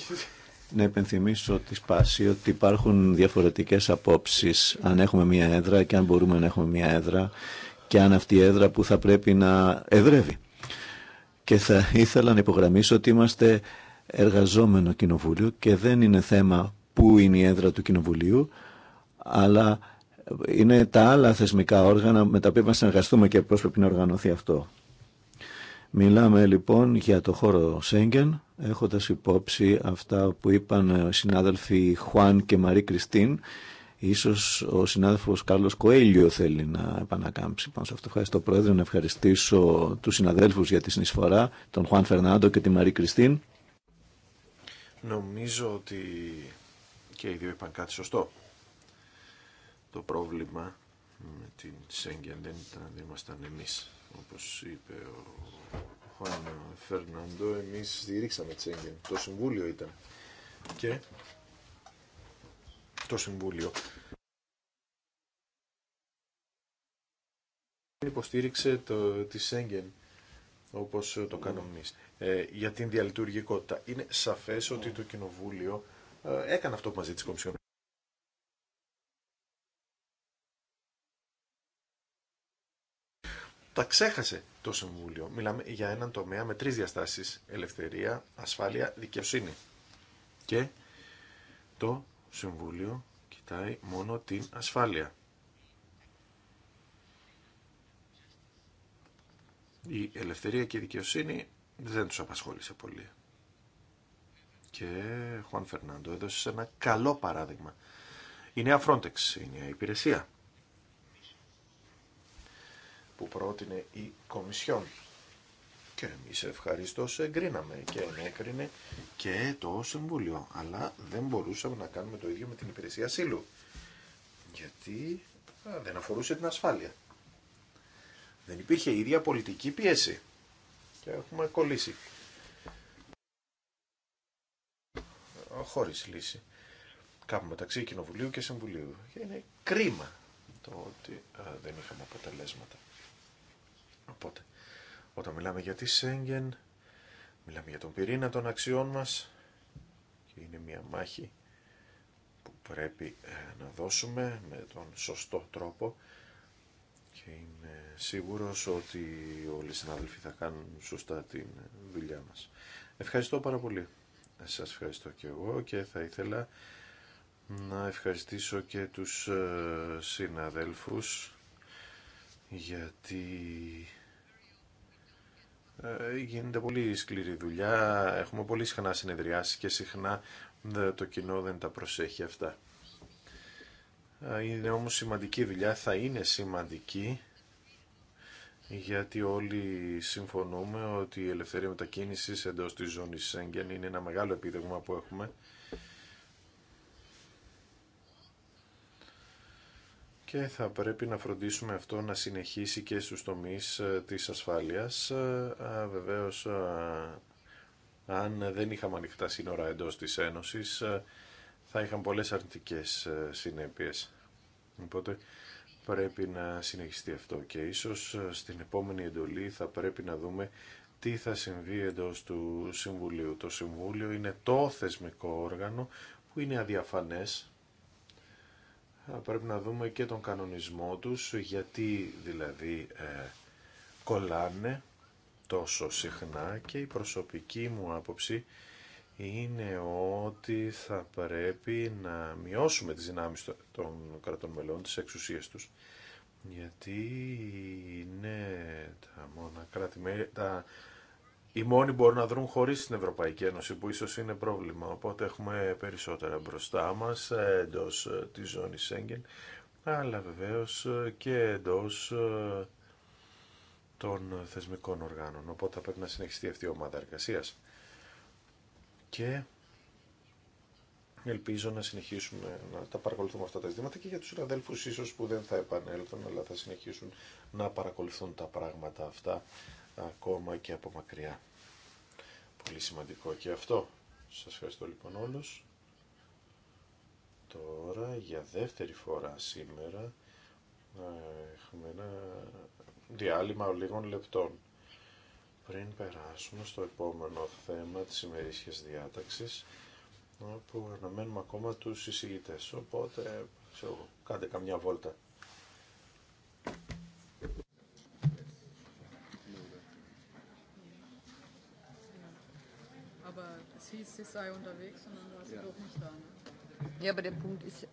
να επενθυμίσω τη σπάση ότι υπάρχουν διαφορετικές απόψεις αν έχουμε μία έδρα και αν μπορούμε να έχουμε μία έδρα και αν αυτή η έδρα που θα πρέπει να εδρεύει. Και θα ήθελα να υπογραμμίσω ότι είμαστε εργαζόμενο κοινοβούλιο και δεν είναι θέμα πού είναι η έδρα του κοινοβουλίου, αλλά είναι τα άλλα θεσμικά όργανα με τα οποία μας συνεργαστούμε και πώς πρέπει να οργανωθεί αυτό. Μιλάμε λοιπόν για το χώρο Σέγγεν, έχοντας υπόψη αυτά που είπαν οι συνάδελφοι Χουάν και Μαρή Κριστίν. Ίσως ο συνάδελφος Κάρλος Κοέλιο θέλει να επανακάμψει πάνω σε αυτό. Ευχαριστώ Πρόεδρε, να ευχαριστήσω τους συναδέλφους για τη συνεισφορά, τον Χουάν Φερνάντο και τη Μαρή Κριστίν. Νομίζω ότι και οι δύο είπαν κάτι σωστό το πρόβλημα με την Σέγγεν δεν ήταν, δεν ήμασταν εμείς όπως είπε ο Χουάν Φερναντό εμείς στηρίξαμε τη Σέγγεν το Συμβούλιο ήταν και το Συμβούλιο υποστήριξε το, τη Σέγγεν όπως το κάνουμε εμείς ε, για την διαλειτουργικότητα είναι σαφές ότι το Κοινοβούλιο ε, έκανε αυτό που μας ζήτησε η Κομισιόν τα ξέχασε το Συμβούλιο. Μιλάμε για έναν τομέα με τρεις διαστάσεις. Ελευθερία, ασφάλεια, δικαιοσύνη. Και το Συμβούλιο κοιτάει μόνο την ασφάλεια. Η ελευθερία και η δικαιοσύνη δεν τους απασχόλησε πολύ. Και Χουάν Φερνάντο έδωσε ένα καλό παράδειγμα. Η νέα Frontex, η νέα υπηρεσία που πρότεινε η Κομισιόν. Και εμείς ευχαριστώς εγκρίναμε και ενέκρινε και το Συμβούλιο. Αλλά δεν μπορούσαμε να κάνουμε το ίδιο με την υπηρεσία ασύλου. Γιατί δεν αφορούσε την ασφάλεια. Δεν υπήρχε η ίδια πολιτική πίεση. Και έχουμε κολλήσει. Χωρίς λύση. Κάπου μεταξύ Κοινοβουλίου και Συμβουλίου. Και είναι κρίμα το ότι δεν είχαμε αποτελέσματα. Οπότε, όταν μιλάμε για τη Σέγγεν, μιλάμε για τον πυρήνα των αξιών μας και είναι μια μάχη που πρέπει ε, να δώσουμε με τον σωστό τρόπο και είμαι σίγουρος ότι όλοι οι συνάδελφοι θα κάνουν σωστά την δουλειά μας. Ευχαριστώ πάρα πολύ. Σας ευχαριστώ και εγώ και θα ήθελα να ευχαριστήσω και τους ε, συναδέλφους γιατί ε, γίνεται πολύ σκληρή δουλειά, έχουμε πολύ συχνά συνεδριάσεις και συχνά το κοινό δεν τα προσέχει αυτά. Ε, είναι όμως σημαντική δουλειά, θα είναι σημαντική γιατί όλοι συμφωνούμε ότι η ελευθερία μετακίνησης εντός της ζώνης Σέγγεν είναι ένα μεγάλο επίδεγμα που έχουμε και θα πρέπει να φροντίσουμε αυτό να συνεχίσει και στους τομείς ε, της ασφάλειας. Ε, ε, βεβαίως, αν δεν είχαμε ανοιχτά σύνορα εντός της Ένωσης, θα είχαν πολλές αρνητικές συνέπειες. Οπότε πρέπει να συνεχιστεί αυτό και ίσως στην επόμενη εντολή θα πρέπει να δούμε τι θα συμβεί εντός του Συμβουλίου. Το Συμβούλιο είναι το θεσμικό όργανο που είναι αδιαφανές πρέπει να δούμε και τον κανονισμό τους, γιατί δηλαδή ε, κολλάνε τόσο συχνά και η προσωπική μου άποψη είναι ότι θα πρέπει να μειώσουμε τις δυνάμεις των κρατών μελών, τις εξουσίες τους, γιατί είναι τα μόνα οι μόνοι μπορούν να δρουν χωρίς την Ευρωπαϊκή Ένωση που ίσως είναι πρόβλημα. Οπότε έχουμε περισσότερα μπροστά μας ε, εντός ε, της ζώνης Σέγγεν αλλά βεβαίως ε, και εντός των θεσμικών οργάνων. Οπότε θα πρέπει να συνεχιστεί αυτή η ομάδα εργασίας. Και ελπίζω να συνεχίσουμε να τα παρακολουθούμε αυτά τα ζητήματα και για τους συναδέλφους ίσως που δεν θα επανέλθουν αλλά θα συνεχίσουν να παρακολουθούν τα πράγματα αυτά ακόμα και από μακριά. Πολύ σημαντικό και αυτό. Σας ευχαριστώ λοιπόν όλους. Τώρα για δεύτερη φορά σήμερα έχουμε ένα διάλειμμα λίγων λεπτών. Πριν περάσουμε στο επόμενο θέμα της ημερήσιας διάταξης, όπου αναμένουμε ακόμα τους εισηγητές. Οπότε, ξέρω, κάντε καμιά βόλτα. hieß, sie sei unterwegs sondern dann war sie doch nicht da. Ne? Ja, aber der Punkt ist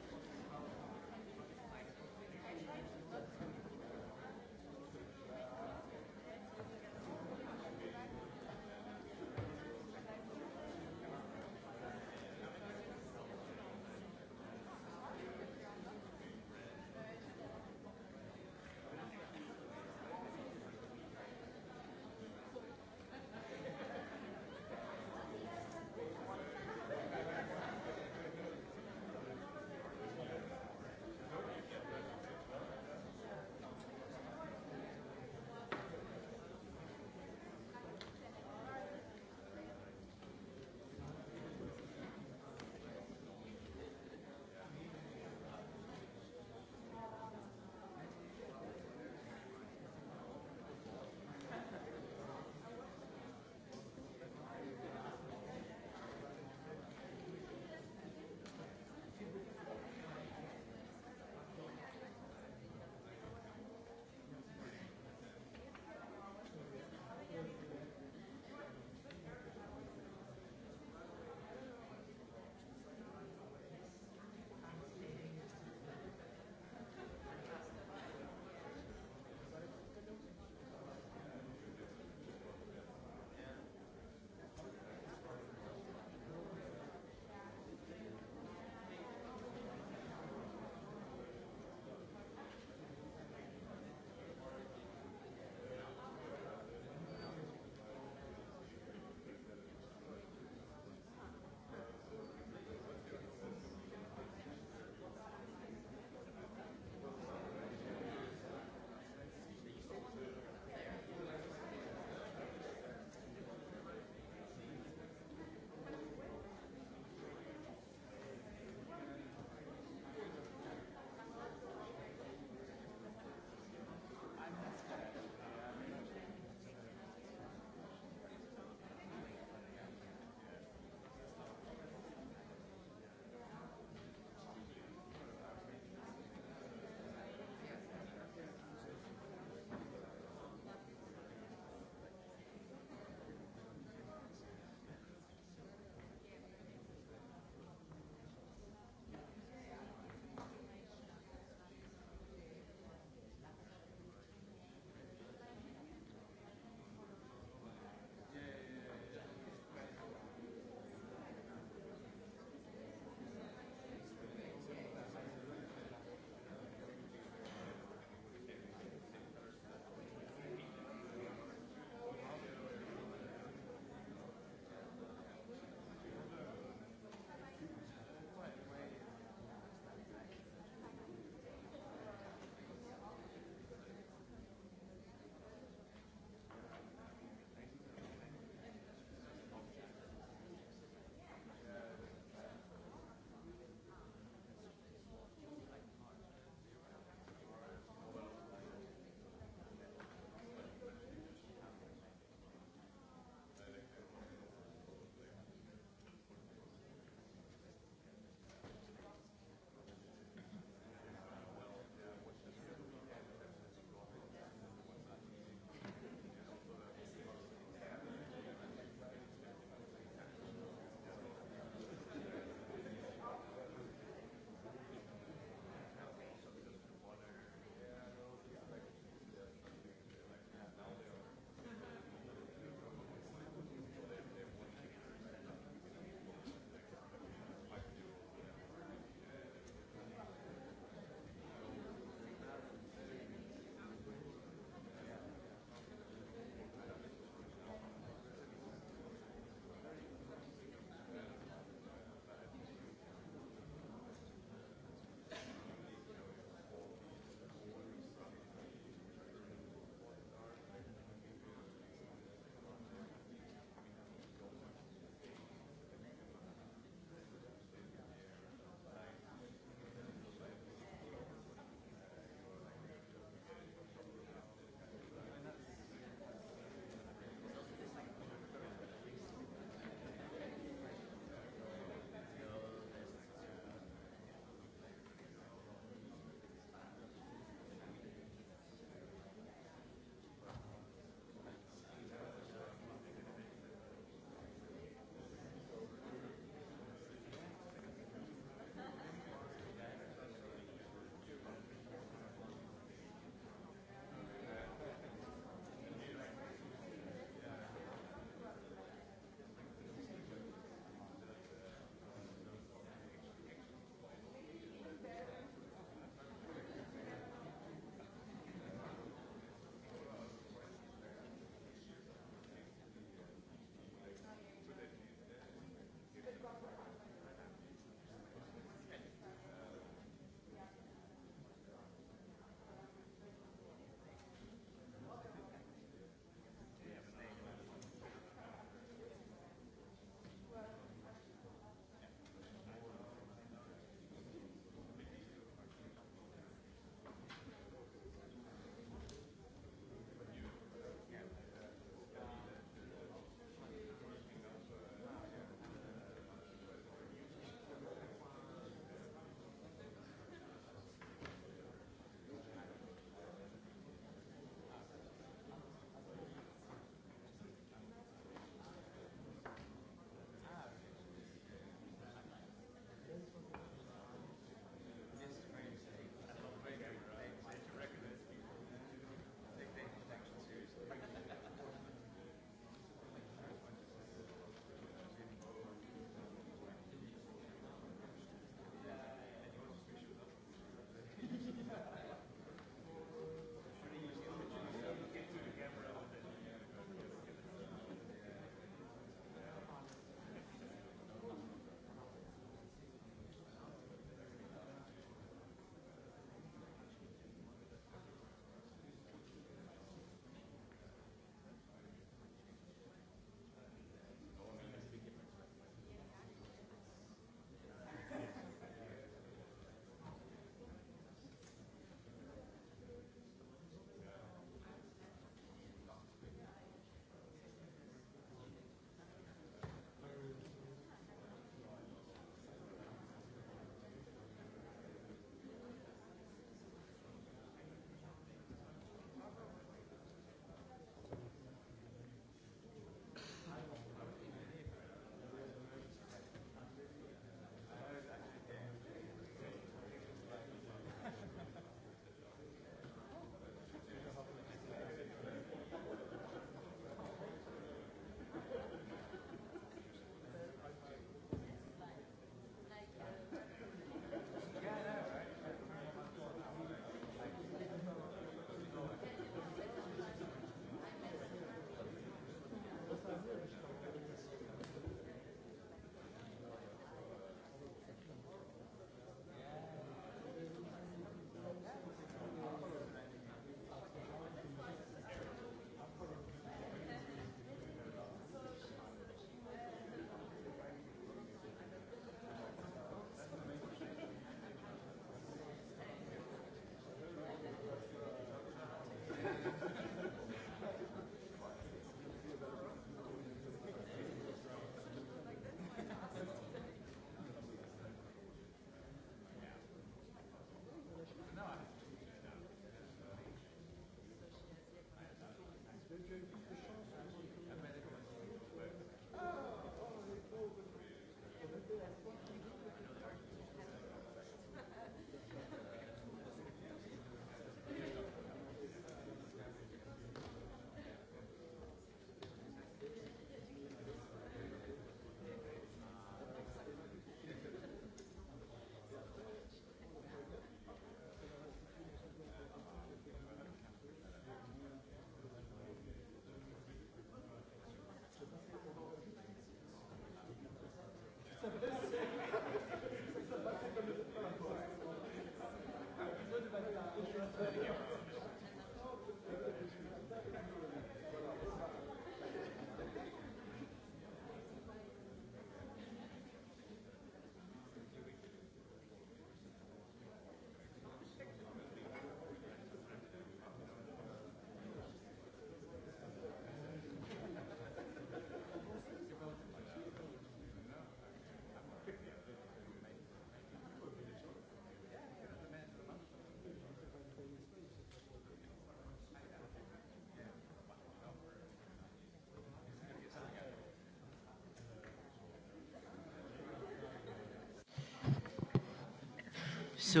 So,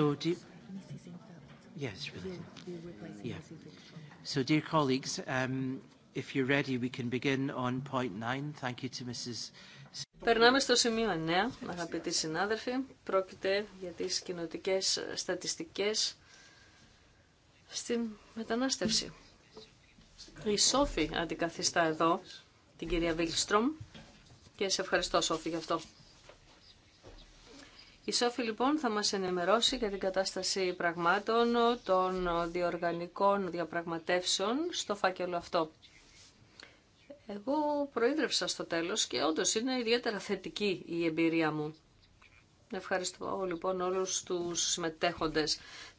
dear colleagues, um, if you're ready, we can begin on point nine. Thank you to Mrs. Περνάμε στο σημείο 9, αγαπητοί συνάδελφοι. Πρόκειται για τις κοινοτικέ στατιστικές στην μετανάστευση. Η Σόφη αντικαθιστά εδώ την κυρία Βίλστρομ και σε ευχαριστώ Σόφη γι' αυτό. Η Σόφη λοιπόν θα μας ενημερώσει για την κατάσταση πραγμάτων των διοργανικών διαπραγματεύσεων στο φάκελο αυτό. Εγώ προείδρευσα στο τέλος και όντως είναι ιδιαίτερα θετική η εμπειρία μου. Ευχαριστώ λοιπόν όλους τους συμμετέχοντες.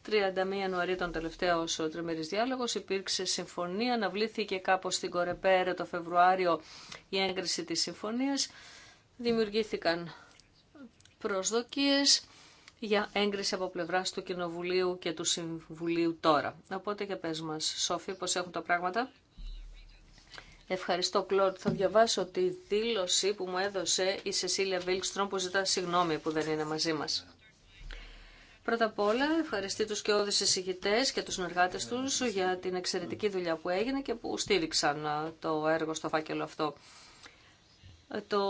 31 Ιανουαρίου τον τελευταίο ο τριμερής διάλογος υπήρξε συμφωνία, αναβλήθηκε κάπως στην Κορεπέρε το Φεβρουάριο η έγκριση της συμφωνίας. Δημιουργήθηκαν προσδοκίες για έγκριση από πλευράς του Κοινοβουλίου και του Συμβουλίου τώρα. Οπότε και πες μας, Σόφη, πώς έχουν τα πράγματα. Ευχαριστώ, Κλόρτ. Θα διαβάσω τη δήλωση που μου έδωσε η Σεσίλια Βίλκστρομ που ζητά συγγνώμη που δεν είναι μαζί μας. Πρώτα απ' όλα, ευχαριστεί τους και όδες εισηγητές και τους συνεργάτες τους για την εξαιρετική δουλειά που έγινε και που στήριξαν ε, το έργο στο φάκελο αυτό. Το,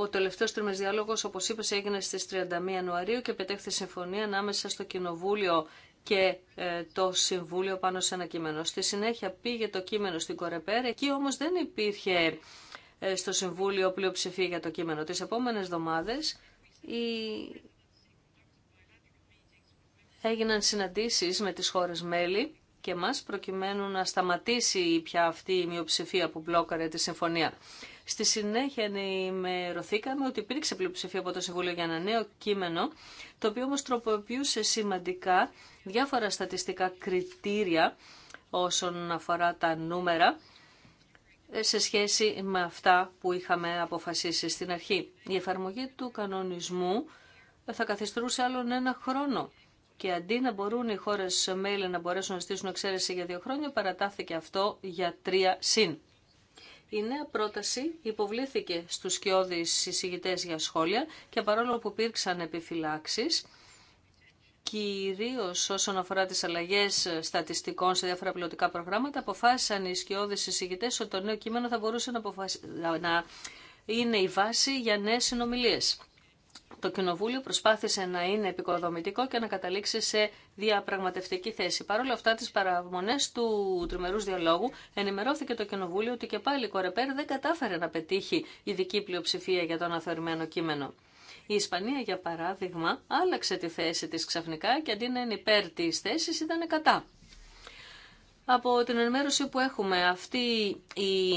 ο τελευταίος τριμές διάλογος, όπως είπες, έγινε στις 31 Ιανουαρίου και πετέχθη συμφωνία ανάμεσα στο Κοινοβούλιο και ε, το Συμβούλιο πάνω σε ένα κείμενο. Στη συνέχεια πήγε το κείμενο στην Κορεπέρ, εκεί όμως δεν υπήρχε ε, στο Συμβούλιο πλειοψηφία για το κείμενο. Τις επόμενες εβδομάδες η... έγιναν συναντήσει με τις χώρες μέλη και μας προκειμένου να σταματήσει πια αυτή η μειοψηφία που μπλόκαρε τη συμφωνία. Στη συνέχεια ενημερωθήκαμε ότι υπήρξε πλειοψηφία από το Συμβούλιο για ένα νέο κείμενο, το οποίο όμως τροποποιούσε σημαντικά διάφορα στατιστικά κριτήρια όσον αφορά τα νούμερα ε, σε σχέση με αυτά που είχαμε αποφασίσει στην αρχή. Η εφαρμογή του κανονισμού θα καθιστρούσε άλλον ένα χρόνο. Και αντί να μπορούν οι χώρες μέλη να μπορέσουν να στήσουν εξαίρεση για δύο χρόνια, παρατάθηκε αυτό για τρία συν. Η νέα πρόταση υποβλήθηκε στους σκιώδεις συζητητές για σχόλια και παρόλο που υπήρξαν επιφυλάξει, κυρίως όσον αφορά τις αλλαγέ στατιστικών σε διάφορα πιλωτικά προγράμματα, αποφάσισαν οι σκιώδεις συζητητέ ότι το νέο κείμενο θα μπορούσε να, να είναι η βάση για νέες συνομιλίε το Κοινοβούλιο προσπάθησε να είναι επικοδομητικό και να καταλήξει σε διαπραγματευτική θέση. Παρ' όλα αυτά, τι παραμονέ του τριμερού διαλόγου ενημερώθηκε το Κοινοβούλιο ότι και πάλι η Κορεπέρ δεν κατάφερε να πετύχει ειδική πλειοψηφία για το αναθεωρημένο κείμενο. Η Ισπανία, για παράδειγμα, άλλαξε τη θέση της ξαφνικά και αντί να είναι υπέρ της θέσης ήταν κατά από την ενημέρωση που έχουμε. Αυτή η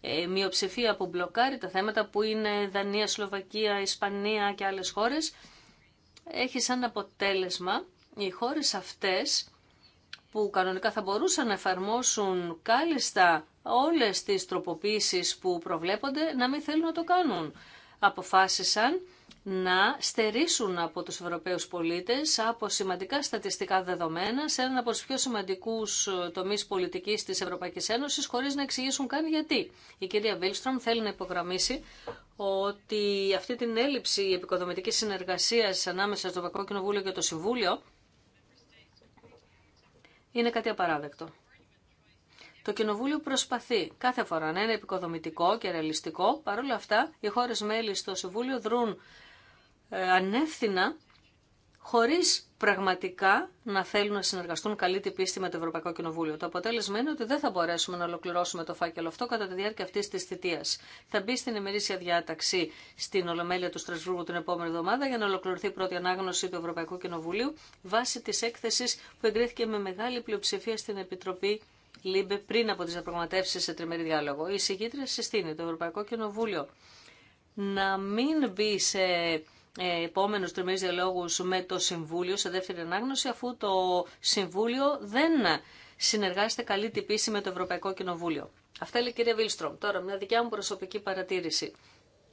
ε, μειοψηφία που μπλοκάρει τα θέματα που είναι Δανία, Σλοβακία, Ισπανία και άλλες χώρες έχει σαν αποτέλεσμα οι χώρες αυτές που κανονικά θα μπορούσαν να εφαρμόσουν κάλλιστα όλες τις τροποποίησεις που προβλέπονται να μην θέλουν να το κάνουν. Αποφάσισαν να στερήσουν από τους Ευρωπαίους πολίτες από σημαντικά στατιστικά δεδομένα σε έναν από τους πιο σημαντικούς ε, τομείς πολιτικής της Ευρωπαϊκής Ένωσης χωρίς να εξηγήσουν καν γιατί. Η κυρία Βίλστρομ θέλει να υπογραμμίσει ότι αυτή την έλλειψη επικοδομητικής συνεργασίας ανάμεσα στο Ευρωπαϊκό Κοινοβούλιο και το Συμβούλιο είναι κάτι απαράδεκτο. Το Κοινοβούλιο προσπαθεί κάθε φορά να είναι επικοδομητικό και ρεαλιστικό. Παρ' όλα αυτά, οι χώρε μέλη στο Συμβούλιο δρούν ε, ανεύθυνα χωρίς πραγματικά να θέλουν να συνεργαστούν καλή την πίστη με το Ευρωπαϊκό Κοινοβούλιο. Το αποτέλεσμα είναι ότι δεν θα μπορέσουμε να ολοκληρώσουμε το φάκελο αυτό κατά τη διάρκεια αυτή τη θητεία. Θα μπει στην ημερήσια διάταξη στην Ολομέλεια του Στρασβούργου την επόμενη εβδομάδα για να ολοκληρωθεί η πρώτη ανάγνωση του Ευρωπαϊκού Κοινοβουλίου βάσει τη έκθεση που εγκρίθηκε με μεγάλη πλειοψηφία στην Επιτροπή Λίμπε πριν από τι διαπραγματεύσει σε τριμερή διάλογο. Η συγκίτρια συστήνει το Ευρωπαϊκό Κοινοβούλιο να μην μπει σε ε, επόμενους τριμμένους διαλόγους με το Συμβούλιο σε δεύτερη ανάγνωση αφού το Συμβούλιο δεν συνεργάζεται καλή την με το Ευρωπαϊκό Κοινοβούλιο. Αυτά λέει η κυρία Βίλστρομ. Τώρα μια δικιά μου προσωπική παρατήρηση.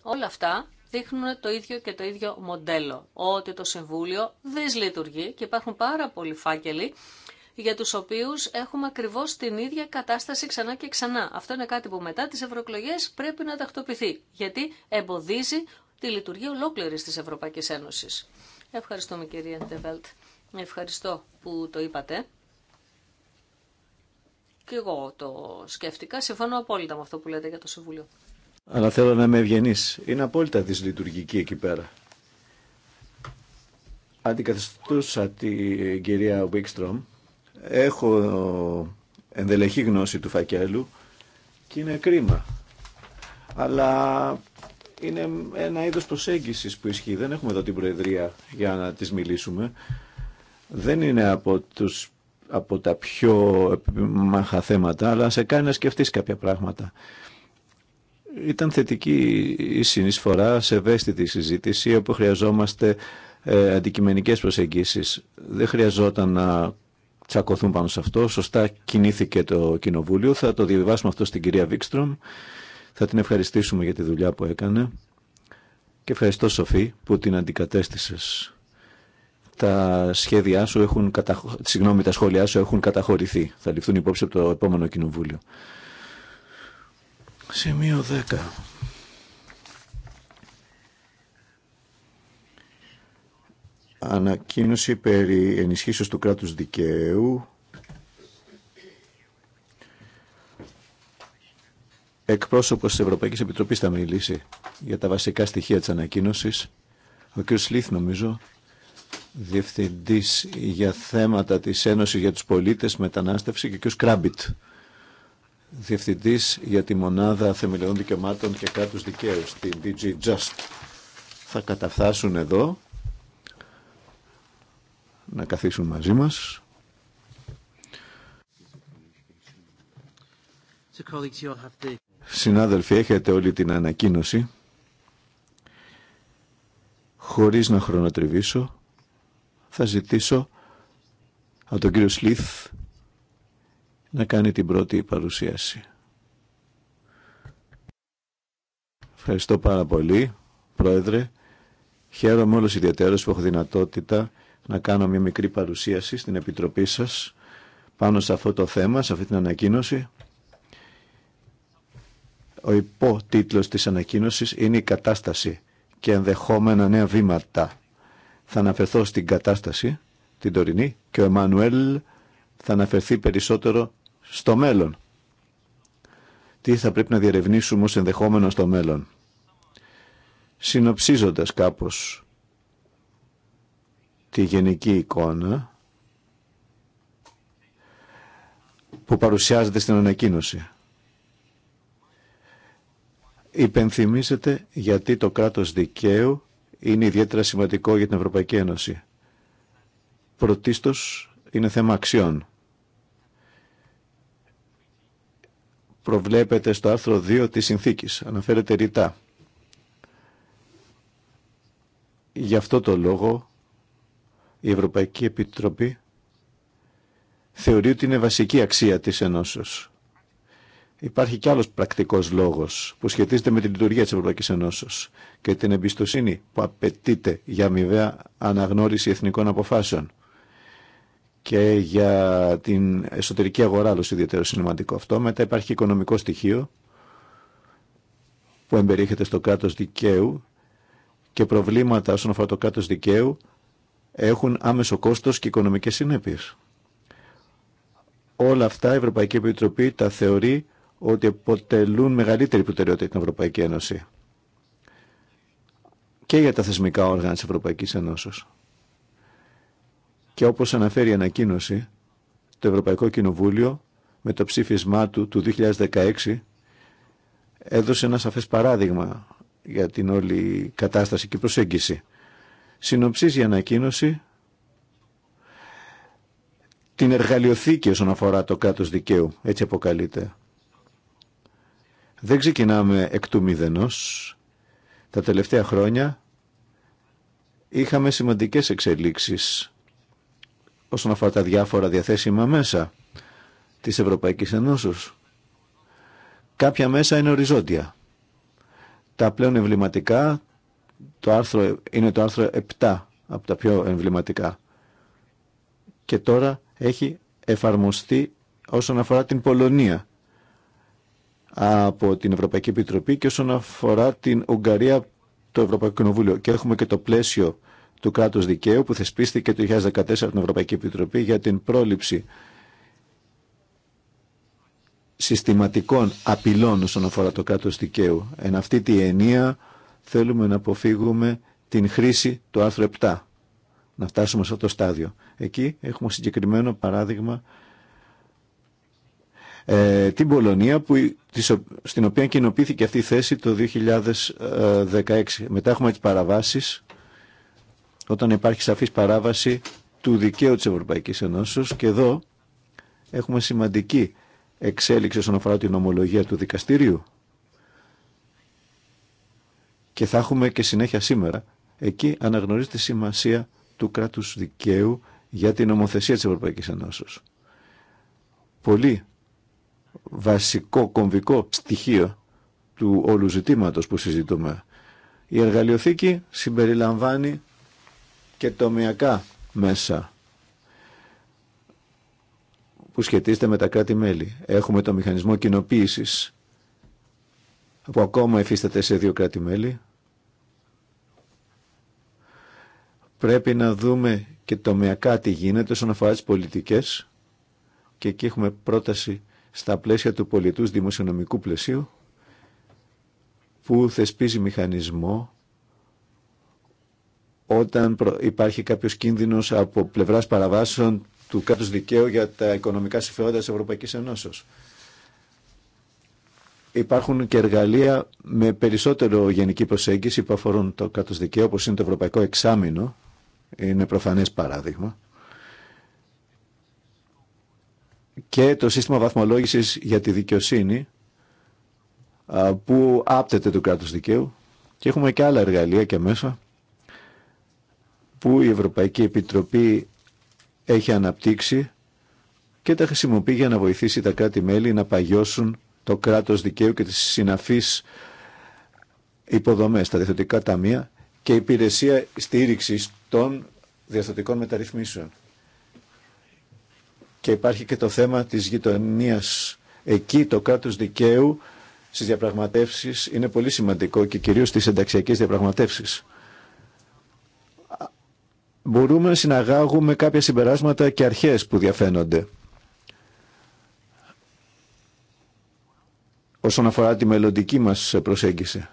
Όλα αυτά δείχνουν το ίδιο και το ίδιο μοντέλο. Ότι το Συμβούλιο δεν λειτουργεί και υπάρχουν πάρα πολλοί φάκελοι για τους οποίους έχουμε ακριβώς την ίδια κατάσταση ξανά και ξανά. Αυτό είναι κάτι που μετά τις ευρωεκλογέ πρέπει να τακτοποιηθεί, γιατί εμποδίζει τη λειτουργία ολόκληρης της Ευρωπαϊκής Ένωσης. Ευχαριστούμε κυρία Ντεβέλτ. Ευχαριστώ που το είπατε. Και εγώ το σκέφτηκα. Συμφωνώ απόλυτα με αυτό που λέτε για το Συμβούλιο. Αλλά θέλω να είμαι ευγενή. Είναι απόλυτα δυσλειτουργική εκεί πέρα. Αντικαθιστούσα την κυρία Βίξτρομ. Έχω ενδελεχή γνώση του φακέλου και είναι κρίμα. Αλλά είναι ένα είδος προσέγγισης που ισχύει. Δεν έχουμε εδώ την Προεδρία για να τις μιλήσουμε. Δεν είναι από, τους, από τα πιο μάχα θέματα, αλλά σε κάνει να σκεφτείς κάποια πράγματα. Ήταν θετική η συνεισφορά σε ευαίσθητη συζήτηση όπου χρειαζόμαστε ε, αντικειμενικές προσεγγίσεις. Δεν χρειαζόταν να τσακωθούν πάνω σε αυτό. Σωστά κινήθηκε το Κοινοβούλιο. Θα το διαβιβάσουμε αυτό στην κυρία Βίξτρομ θα την ευχαριστήσουμε για τη δουλειά που έκανε και ευχαριστώ Σοφή που την αντικατέστησες. Τα σχέδιά σου έχουν Συγγνώμη, τα σχόλιά σου έχουν καταχωρηθεί. Θα ληφθούν υπόψη από το επόμενο κοινοβούλιο. Σημείο 10. Ανακοίνωση περί ενισχύσεως του κράτους δικαίου Εκπρόσωπος της Ευρωπαϊκής Επιτροπής θα μιλήσει για τα βασικά στοιχεία της ανακοίνωσης. Ο κ. Σλίθ νομίζω, Διευθυντής για θέματα της Ένωσης για τους πολίτες, μετανάστευση και ο κ. Κράμπιτ, Διευθυντής για τη Μονάδα Θεμελιών Δικαιωμάτων και Κράτους Δικαίου, την DG Just. Θα καταφθάσουν εδώ να καθίσουν μαζί μας. colleagues, you'll have to... Συνάδελφοι, έχετε όλη την ανακοίνωση. Χωρίς να χρονοτριβήσω, θα ζητήσω από τον κύριο Σλίθ να κάνει την πρώτη παρουσίαση. Ευχαριστώ πάρα πολύ, Πρόεδρε. Χαίρομαι όλος ιδιαίτερος που έχω δυνατότητα να κάνω μια μικρή παρουσίαση στην Επιτροπή σας πάνω σε αυτό το θέμα, σε αυτή την ανακοίνωση ο υπότιτλος της ανακοίνωσης είναι η κατάσταση και ενδεχόμενα νέα βήματα. Θα αναφερθώ στην κατάσταση, την τωρινή, και ο Εμμανουέλ θα αναφερθεί περισσότερο στο μέλλον. Τι θα πρέπει να διερευνήσουμε ως ενδεχόμενο στο μέλλον. Συνοψίζοντας κάπως τη γενική εικόνα που παρουσιάζεται στην ανακοίνωση υπενθυμίζεται γιατί το κράτος δικαίου είναι ιδιαίτερα σημαντικό για την Ευρωπαϊκή Ένωση. Πρωτίστως είναι θέμα αξιών. Προβλέπεται στο άρθρο 2 της συνθήκης, αναφέρεται ρητά. Γι' αυτό το λόγο η Ευρωπαϊκή Επιτροπή θεωρεί ότι είναι βασική αξία της ενώσεως. Υπάρχει κι άλλος πρακτικός λόγος που σχετίζεται με τη λειτουργία της Ευρωπαϊκής Ενώσεω και την εμπιστοσύνη που απαιτείται για αμοιβαία αναγνώριση εθνικών αποφάσεων και για την εσωτερική αγορά, άλλως ιδιαίτερο σημαντικό αυτό. Μετά υπάρχει οικονομικό στοιχείο που εμπεριέχεται στο κράτος δικαίου και προβλήματα όσον αφορά το κράτος δικαίου έχουν άμεσο κόστος και οικονομικές συνέπειες. Όλα αυτά η Ευρωπαϊκή Επιτροπή τα θεωρεί ότι αποτελούν μεγαλύτερη προτεραιότητα την Ευρωπαϊκή Ένωση και για τα θεσμικά όργανα της Ευρωπαϊκής Ένωσης. Και όπως αναφέρει η ανακοίνωση, το Ευρωπαϊκό Κοινοβούλιο με το ψήφισμά του του 2016 έδωσε ένα σαφές παράδειγμα για την όλη κατάσταση και προσέγγιση. Συνοψίζει η ανακοίνωση την εργαλειοθήκη όσον αφορά το κράτος δικαίου, έτσι αποκαλείται. Δεν ξεκινάμε εκ του μηδενός. Τα τελευταία χρόνια είχαμε σημαντικές εξελίξεις όσον αφορά τα διάφορα διαθέσιμα μέσα της Ευρωπαϊκής Ενώσεως. Κάποια μέσα είναι οριζόντια. Τα πλέον εμβληματικά το άρθρο, είναι το άρθρο 7 από τα πιο εμβληματικά. Και τώρα έχει εφαρμοστεί όσον αφορά την Πολωνία από την Ευρωπαϊκή Επιτροπή και όσον αφορά την Ουγγαρία το Ευρωπαϊκό Κοινοβούλιο. Και έχουμε και το πλαίσιο του κράτου δικαίου που θεσπίστηκε το 2014 από την Ευρωπαϊκή Επιτροπή για την πρόληψη συστηματικών απειλών όσον αφορά το κράτο δικαίου. Εν αυτή τη ενία θέλουμε να αποφύγουμε την χρήση του άρθρου 7. Να φτάσουμε σε αυτό το στάδιο. Εκεί έχουμε συγκεκριμένο παράδειγμα ε, την Πολωνία που, στην οποία κοινοποιήθηκε αυτή η θέση το 2016. Ε, Μετά έχουμε τις παραβάσεις όταν υπάρχει σαφής παράβαση του δικαίου της Ευρωπαϊκής Ενώσεως και εδώ έχουμε σημαντική εξέλιξη όσον αφορά την ομολογία του δικαστηρίου και θα έχουμε και συνέχεια σήμερα. Εκεί αναγνωρίζει τη σημασία του κράτους δικαίου για την ομοθεσία της Ευρωπαϊκής Ενώσεως βασικό κομβικό στοιχείο του όλου ζητήματος που συζητούμε. Η εργαλειοθήκη συμπεριλαμβάνει και τομιακά μέσα που σχετίζεται με τα κράτη-μέλη. Έχουμε το μηχανισμό κοινοποίηση που ακόμα εφίσταται σε δύο κράτη-μέλη. Πρέπει να δούμε και τομιακά τι γίνεται όσον αφορά τις πολιτικές και εκεί έχουμε πρόταση στα πλαίσια του πολιτούς δημοσιονομικού πλαισίου που θεσπίζει μηχανισμό όταν υπάρχει κάποιος κίνδυνος από πλευράς παραβάσεων του κράτους δικαίου για τα οικονομικά συμφέροντα της Ευρωπαϊκής Ενώσεως. Υπάρχουν και εργαλεία με περισσότερο γενική προσέγγιση που αφορούν το κάτω δικαίου, όπως είναι το Ευρωπαϊκό Εξάμεινο, είναι προφανές παράδειγμα. και το σύστημα βαθμολόγησης για τη δικαιοσύνη που άπτεται του κράτους δικαίου και έχουμε και άλλα εργαλεία και μέσα που η Ευρωπαϊκή Επιτροπή έχει αναπτύξει και τα χρησιμοποιεί για να βοηθήσει τα κράτη-μέλη να παγιώσουν το κράτος δικαίου και τις συναφείς υποδομές, τα διεθνωτικά ταμεία και υπηρεσία στήριξης των διαστατικών μεταρρυθμίσεων. Και υπάρχει και το θέμα της γειτονίας. Εκεί το κράτος δικαίου στις διαπραγματεύσεις είναι πολύ σημαντικό και κυρίως στις ενταξιακές διαπραγματεύσεις. Μπορούμε να συναγάγουμε κάποια συμπεράσματα και αρχές που διαφαίνονται. όσον αφορά τη μελλοντική μας προσέγγιση.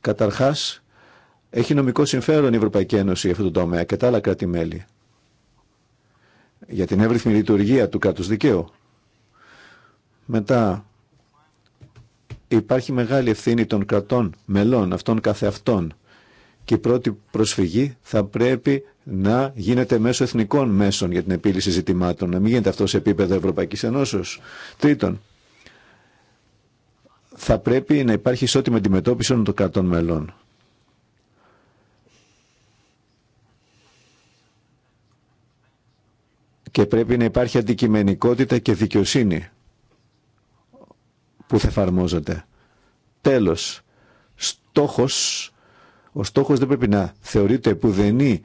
Καταρχάς, έχει νομικό συμφέρον η Ευρωπαϊκή Ένωση για αυτό το τομέα και τα άλλα κράτη-μέλη για την εύρυθμη λειτουργία του κράτους δικαίου. Μετά υπάρχει μεγάλη ευθύνη των κρατών μελών αυτών καθεαυτών και η πρώτη προσφυγή θα πρέπει να γίνεται μέσω εθνικών μέσων για την επίλυση ζητημάτων, να μην γίνεται αυτό σε επίπεδο Ευρωπαϊκής Ενώσεως. Τρίτον, θα πρέπει να υπάρχει ισότιμη αντιμετώπιση όλων των κρατών μελών. και πρέπει να υπάρχει αντικειμενικότητα και δικαιοσύνη που θα εφαρμόζεται. Τέλος, στόχος, ο στόχος δεν πρέπει να θεωρείται που δεν είναι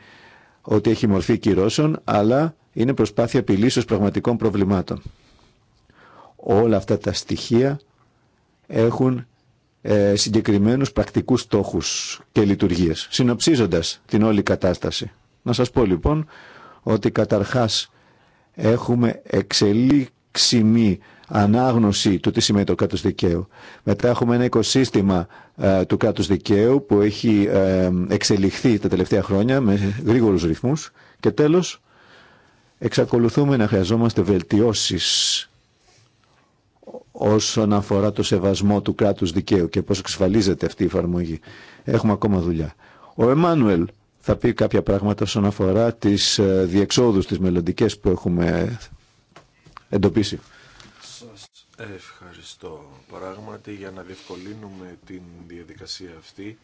ότι έχει μορφή κυρώσεων, αλλά είναι προσπάθεια επιλύσεως πραγματικών προβλημάτων. Όλα αυτά τα στοιχεία έχουν ε, συγκεκριμένους πρακτικούς στόχους και λειτουργίες, συνοψίζοντας την όλη κατάσταση. Να σας πω λοιπόν ότι καταρχάς Έχουμε εξελίξιμη ανάγνωση του τι σημαίνει το κράτος δικαίου. Μετά έχουμε ένα οικοσύστημα ε, του κράτους δικαίου που έχει ε, εξελιχθεί τα τελευταία χρόνια με γρήγορους ρυθμούς. Και τέλος, εξακολουθούμε να χρειαζόμαστε βελτιώσεις όσον αφορά το σεβασμό του κράτους δικαίου και πώς εξασφαλίζεται αυτή η εφαρμογή. Έχουμε ακόμα δουλειά. Ο Εμμάνουελ θα πει κάποια πράγματα όσον αφορά τις ε, διεξόδους, τις μελλοντικέ που έχουμε εντοπίσει. Σας ευχαριστώ πράγματι για να διευκολύνουμε την διαδικασία αυτή.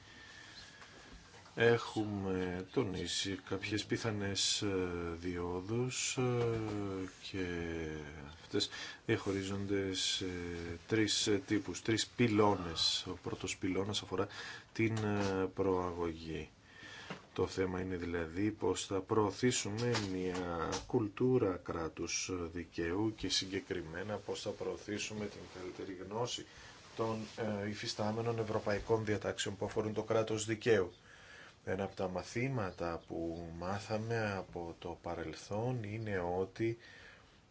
Έχουμε τονίσει κάποιες πιθανές ε, διόδους ε, και αυτές διαχωρίζονται σε τρεις τύπους, τρεις πυλώνες. Ο πρώτος πυλώνας αφορά την προαγωγή το θέμα είναι δηλαδή πως θα προωθήσουμε μια κουλτούρα κράτους δικαίου και συγκεκριμένα πως θα προωθήσουμε την καλύτερη γνώση των ε, υφιστάμενων ευρωπαϊκών διατάξεων που αφορούν το κράτος δικαίου. Ένα από τα μαθήματα που μάθαμε από το παρελθόν είναι ότι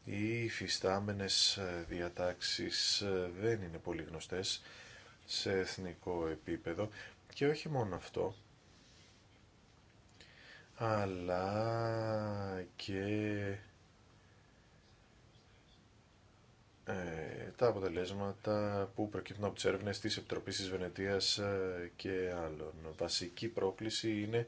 οι υφιστάμενες διατάξεις ε, δεν είναι πολύ γνωστές σε εθνικό επίπεδο και όχι μόνο αυτό, αλλά και ε, τα αποτελέσματα που προκύπτουν από τις έρευνες της Επιτροπής της Βενετίας ε, και άλλων. Βασική πρόκληση είναι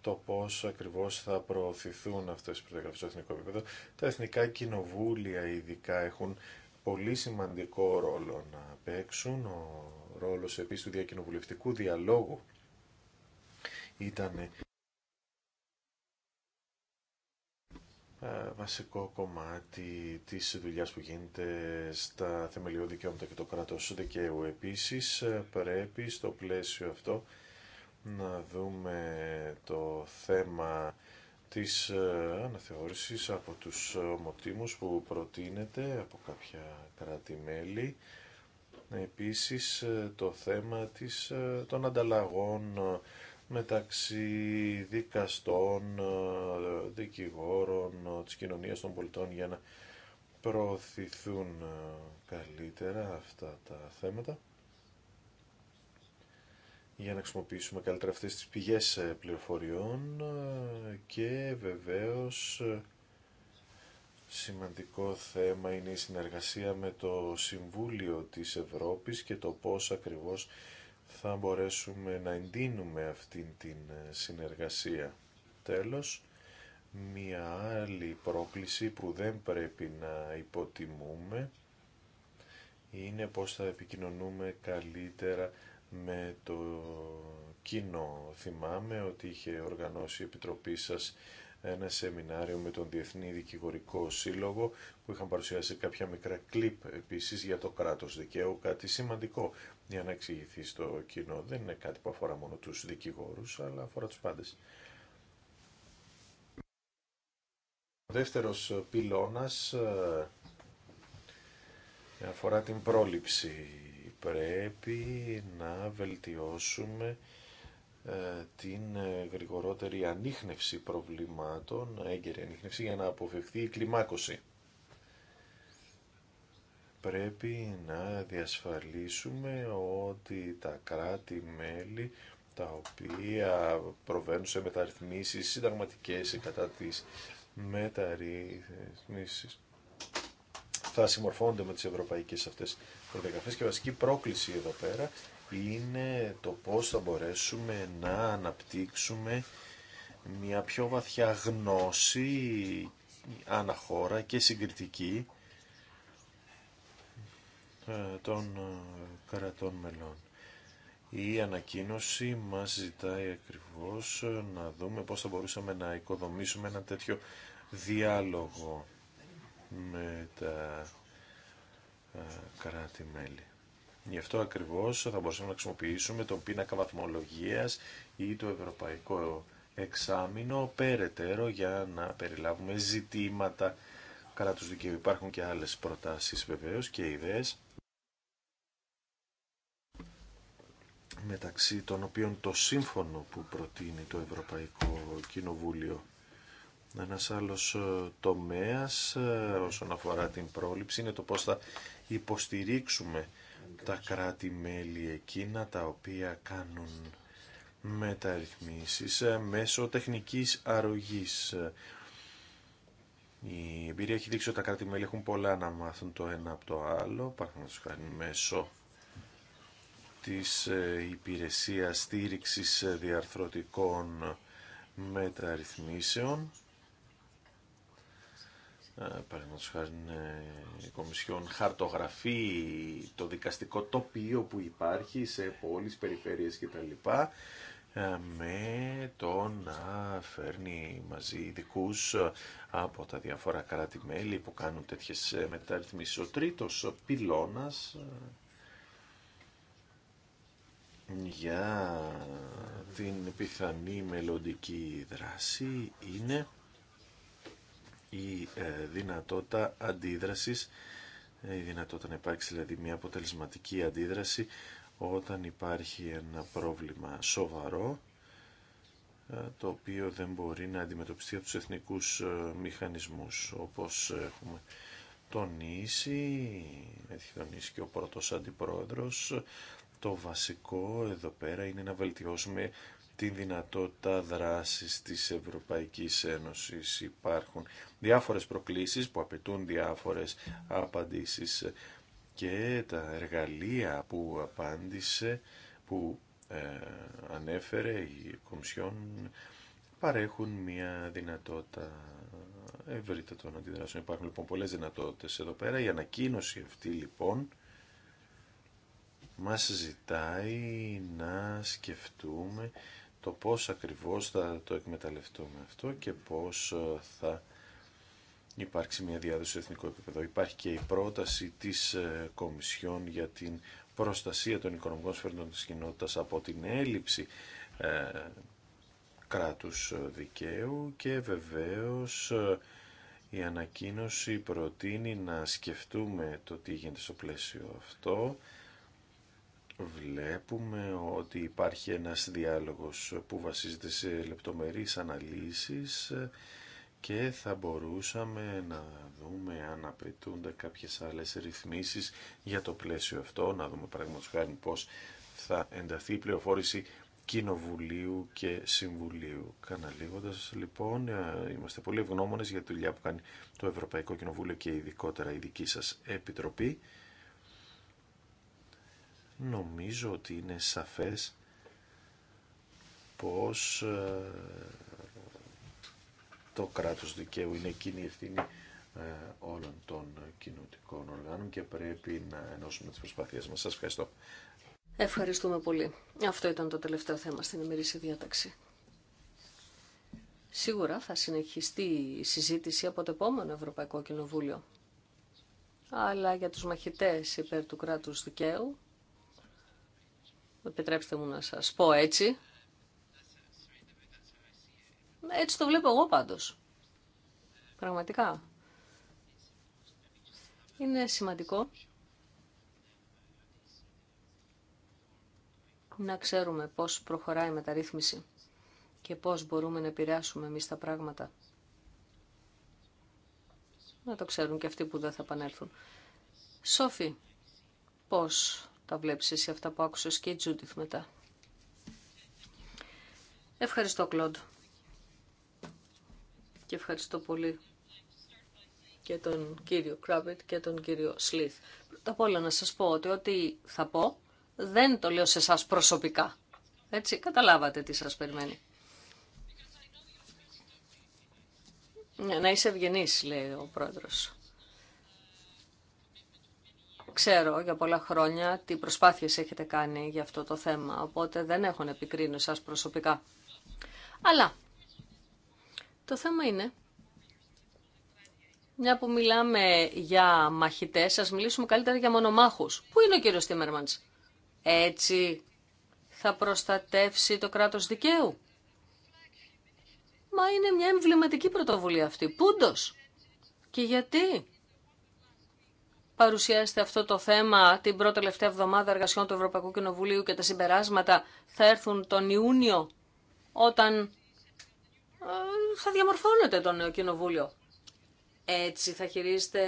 το πώς ακριβώς θα προωθηθούν αυτές οι προδιαγραφές στο εθνικό επίπεδο. Τα εθνικά κοινοβούλια ειδικά έχουν πολύ σημαντικό ρόλο να παίξουν. Ο ρόλος επίσης του διακοινοβουλευτικού διαλόγου ήταν Ε, βασικό κομμάτι της δουλειάς που γίνεται στα θεμελιώδη δικαιώματα και το κράτος δικαίου. Επίσης ε, πρέπει στο πλαίσιο αυτό να δούμε το θέμα της ε, αναθεώρησης από τους ομοτήμους που προτείνεται από κάποια κράτη-μέλη. Επίσης το θέμα της, των ανταλλαγών μεταξύ δικαστών, ε, δικηγόρων, ε, της κοινωνίας των πολιτών για να προωθηθούν ε, καλύτερα αυτά τα θέματα για να χρησιμοποιήσουμε καλύτερα αυτές τις πηγές πληροφοριών και βεβαίως σημαντικό θέμα είναι η συνεργασία με το Συμβούλιο της Ευρώπης και το πώς ακριβώς θα μπορέσουμε να εντείνουμε αυτήν την ε, συνεργασία. Τέλος, μία άλλη πρόκληση που δεν πρέπει να υποτιμούμε είναι πώς θα επικοινωνούμε καλύτερα με το κοινό. Θυμάμαι ότι είχε οργανώσει η Επιτροπή σας ένα σεμινάριο με τον Διεθνή Δικηγορικό Σύλλογο που είχαν παρουσιάσει κάποια μικρά κλιπ επίσης για το κράτος δικαίου, κάτι σημαντικό για να εξηγηθεί στο κοινό. Δεν είναι κάτι που αφορά μόνο τους δικηγόρους, αλλά αφορά τους πάντες. Ο δεύτερος πυλώνας ε, αφορά την πρόληψη. Πρέπει να βελτιώσουμε ε, την ε, γρηγορότερη ανείχνευση προβλημάτων, έγκαιρη ανείχνευση για να αποφευθεί η κλιμάκωση πρέπει να διασφαλίσουμε ότι τα κράτη-μέλη τα οποία προβαίνουν σε μεταρρυθμίσεις συνταγματικές ή κατά τις μεταρρυθμίσεις θα συμμορφώνονται με τις ευρωπαϊκές αυτές προδιαγραφές και βασική πρόκληση εδώ πέρα είναι το πώς θα μπορέσουμε να αναπτύξουμε μια πιο βαθιά γνώση αναχώρα και συγκριτική ε, των ε, κρατών μελών. Η ανακοίνωση μας ζητάει ακριβώς ε, να δούμε πώς θα μπορούσαμε να οικοδομήσουμε ένα τέτοιο διάλογο με τα κράτη-μέλη. Γι' αυτό ακριβώς θα μπορούσαμε να χρησιμοποιήσουμε τον πίνακα βαθμολογίας ή το ευρωπαϊκό εξάμεινο περαιτέρω για να περιλάβουμε ζητήματα κράτους δικαίου. Υπάρχουν και άλλες προτάσεις βεβαίως και ιδέες μεταξύ των οποίων το σύμφωνο που προτείνει το Ευρωπαϊκό Κοινοβούλιο. Ένας άλλος ε, τομέας ε, όσον αφορά την πρόληψη είναι το πώς θα υποστηρίξουμε τα κράτη-μέλη εκείνα τα οποία κάνουν μεταρρυθμίσεις ε, μέσω τεχνικής αρρωγής. Η εμπειρία έχει δείξει ότι τα κράτη-μέλη έχουν πολλά να μάθουν το ένα από το άλλο, παραδείγματος μέσω της ε, υπηρεσίας στήριξης διαρθρωτικών μεταρρυθμίσεων. Ε, Παραδείγματο χάρη ναι, η Κομισιόν χαρτογραφεί το δικαστικό τοπίο που υπάρχει σε πόλεις, περιφέρειες κτλ. Ε, με το να φέρνει μαζί ειδικού από τα διάφορα κράτη-μέλη που κάνουν τέτοιες μεταρρυθμίσεις. Ο τρίτος πυλώνας για την πιθανή μελλοντική δράση είναι η ε, δυνατότητα αντίδρασης, η δυνατότητα να υπάρξει δηλαδή μια αποτελεσματική αντίδραση όταν υπάρχει ένα πρόβλημα σοβαρό ε, το οποίο δεν μπορεί να αντιμετωπιστεί από τους εθνικούς ε, μηχανισμούς όπως έχουμε τονίσει, έχει τονίσει και ο πρώτος αντιπρόεδρος το βασικό εδώ πέρα είναι να βελτιώσουμε τη δυνατότητα δράσης της Ευρωπαϊκής Ένωσης. Υπάρχουν διάφορες προκλήσεις που απαιτούν διάφορες απαντήσεις και τα εργαλεία που απάντησε, που ε, ανέφερε η Κομισιόν παρέχουν μια δυνατότητα ευρύτατων αντιδράσεων. Υπάρχουν λοιπόν πολλές δυνατότητες εδώ πέρα. Η ανακοίνωση αυτή λοιπόν μας ζητάει να σκεφτούμε το πώς ακριβώς θα το εκμεταλλευτούμε αυτό και πώς ε, θα υπάρξει μια διάδοση σε εθνικό επίπεδο. Υπάρχει και η πρόταση της ε, Κομισιόν για την προστασία των οικονομικών σφαίρων της κοινότητας από την έλλειψη ε, κράτους ε, δικαίου και βεβαίως η ανακοίνωση προτείνει να σκεφτούμε το τι γίνεται στο πλαίσιο αυτό βλέπουμε ότι υπάρχει ένας διάλογος που βασίζεται σε λεπτομερείς αναλύσεις και θα μπορούσαμε να δούμε αν απαιτούνται κάποιες άλλες ρυθμίσεις για το πλαίσιο αυτό, να δούμε παραδείγματος χάρη πώς θα ενταθεί η πληροφόρηση Κοινοβουλίου και Συμβουλίου. Καναλίγοντας λοιπόν, ε, είμαστε πολύ ευγνώμονες για τη δουλειά που κάνει το Ευρωπαϊκό Κοινοβούλιο και ειδικότερα η δική σας Επιτροπή νομίζω ότι είναι σαφές πως ε, το κράτος δικαίου είναι εκείνη η ευθύνη ε, όλων των κοινωτικών οργάνων και πρέπει να ενώσουμε τις προσπάθειές μας. Σας ευχαριστώ. Ευχαριστούμε πολύ. Αυτό ήταν το τελευταίο θέμα στην ημερήσια διάταξη. Σίγουρα θα συνεχιστεί η συζήτηση από το επόμενο Ευρωπαϊκό Κοινοβούλιο. Αλλά για τους μαχητές υπέρ του κράτους δικαίου Επιτρέψτε μου να σας πω έτσι. Έτσι το βλέπω εγώ πάντως. Πραγματικά. Είναι σημαντικό να ξέρουμε πώς προχωράει η μεταρρύθμιση και πώς μπορούμε να επηρεάσουμε εμείς τα πράγματα. Να το ξέρουν και αυτοί που δεν θα επανέλθουν. Σόφι, πώς τα βλέπεις εσύ αυτά που άκουσες και η Τζούντιθ μετά. Ευχαριστώ Κλοντ. Και ευχαριστώ πολύ και τον κύριο Κράβιτ και τον κύριο Σλίθ. Πρώτα απ' όλα να σας πω ότι ό,τι θα πω δεν το λέω σε εσά προσωπικά. Έτσι, καταλάβατε τι σας περιμένει. Να είσαι ευγενής, λέει ο πρόεδρος. Ξέρω για πολλά χρόνια τι προσπάθειες έχετε κάνει για αυτό το θέμα, οπότε δεν έχω να επικρίνω σας προσωπικά. Αλλά το θέμα είναι, μια που μιλάμε για μαχητές, σας μιλήσουμε καλύτερα για μονομάχους. Πού είναι ο κύριος Τίμερμαντς? Έτσι θα προστατεύσει το κράτος δικαίου. Μα είναι μια εμβληματική πρωτοβουλία αυτή. Πούντος. Και γιατί παρουσιάσετε αυτό το θέμα την πρώτη τελευταία εβδομάδα εργασιών του Ευρωπαϊκού Κοινοβουλίου και τα συμπεράσματα θα έρθουν τον Ιούνιο όταν ε, θα διαμορφώνεται το νέο Κοινοβούλιο. Έτσι θα χειρίζεται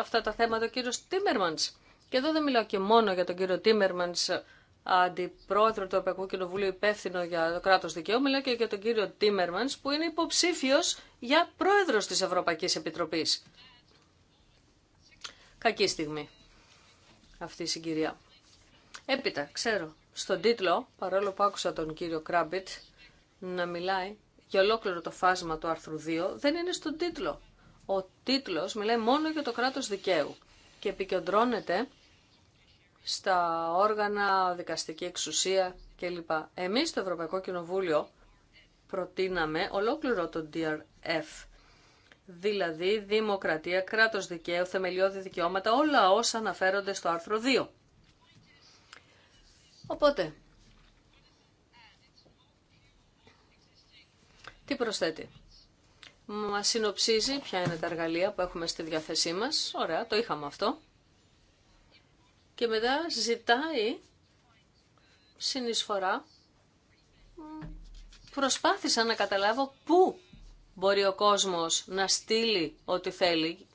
αυτά τα θέματα ο κύριος Τίμερμαντς. Και εδώ δεν μιλάω και μόνο για τον κύριο Τίμερμαντς, αντιπρόεδρο του Ευρωπαϊκού Κοινοβουλίου υπεύθυνο για το κράτος δικαίου, μιλάω και για τον κύριο Τίμερμαντς που είναι υποψήφιος για πρόεδρος της Ευρωπαϊκής Επιτροπής. Κακή στιγμή αυτή η συγκυρία. Έπειτα, ξέρω, στον τίτλο, παρόλο που άκουσα τον κύριο Κράμπιτ να μιλάει για ολόκληρο το φάσμα του άρθρου 2, δεν είναι στον τίτλο. Ο τίτλος μιλάει μόνο για το κράτος δικαίου και επικεντρώνεται στα όργανα, δικαστική εξουσία κλπ. Εμείς στο Ευρωπαϊκό Κοινοβούλιο προτείναμε ολόκληρο το DRF δηλαδή δημοκρατία, κράτος δικαίου, θεμελιώδη δικαιώματα, όλα όσα αναφέρονται στο άρθρο 2. Οπότε, τι προσθέτει. Μα συνοψίζει ποια είναι τα εργαλεία που έχουμε στη διάθεσή μας. Ωραία, το είχαμε αυτό. Και μετά ζητάει συνεισφορά. Προσπάθησα να καταλάβω πού μπορεί ο κόσμος να στείλει ό,τι θέλει.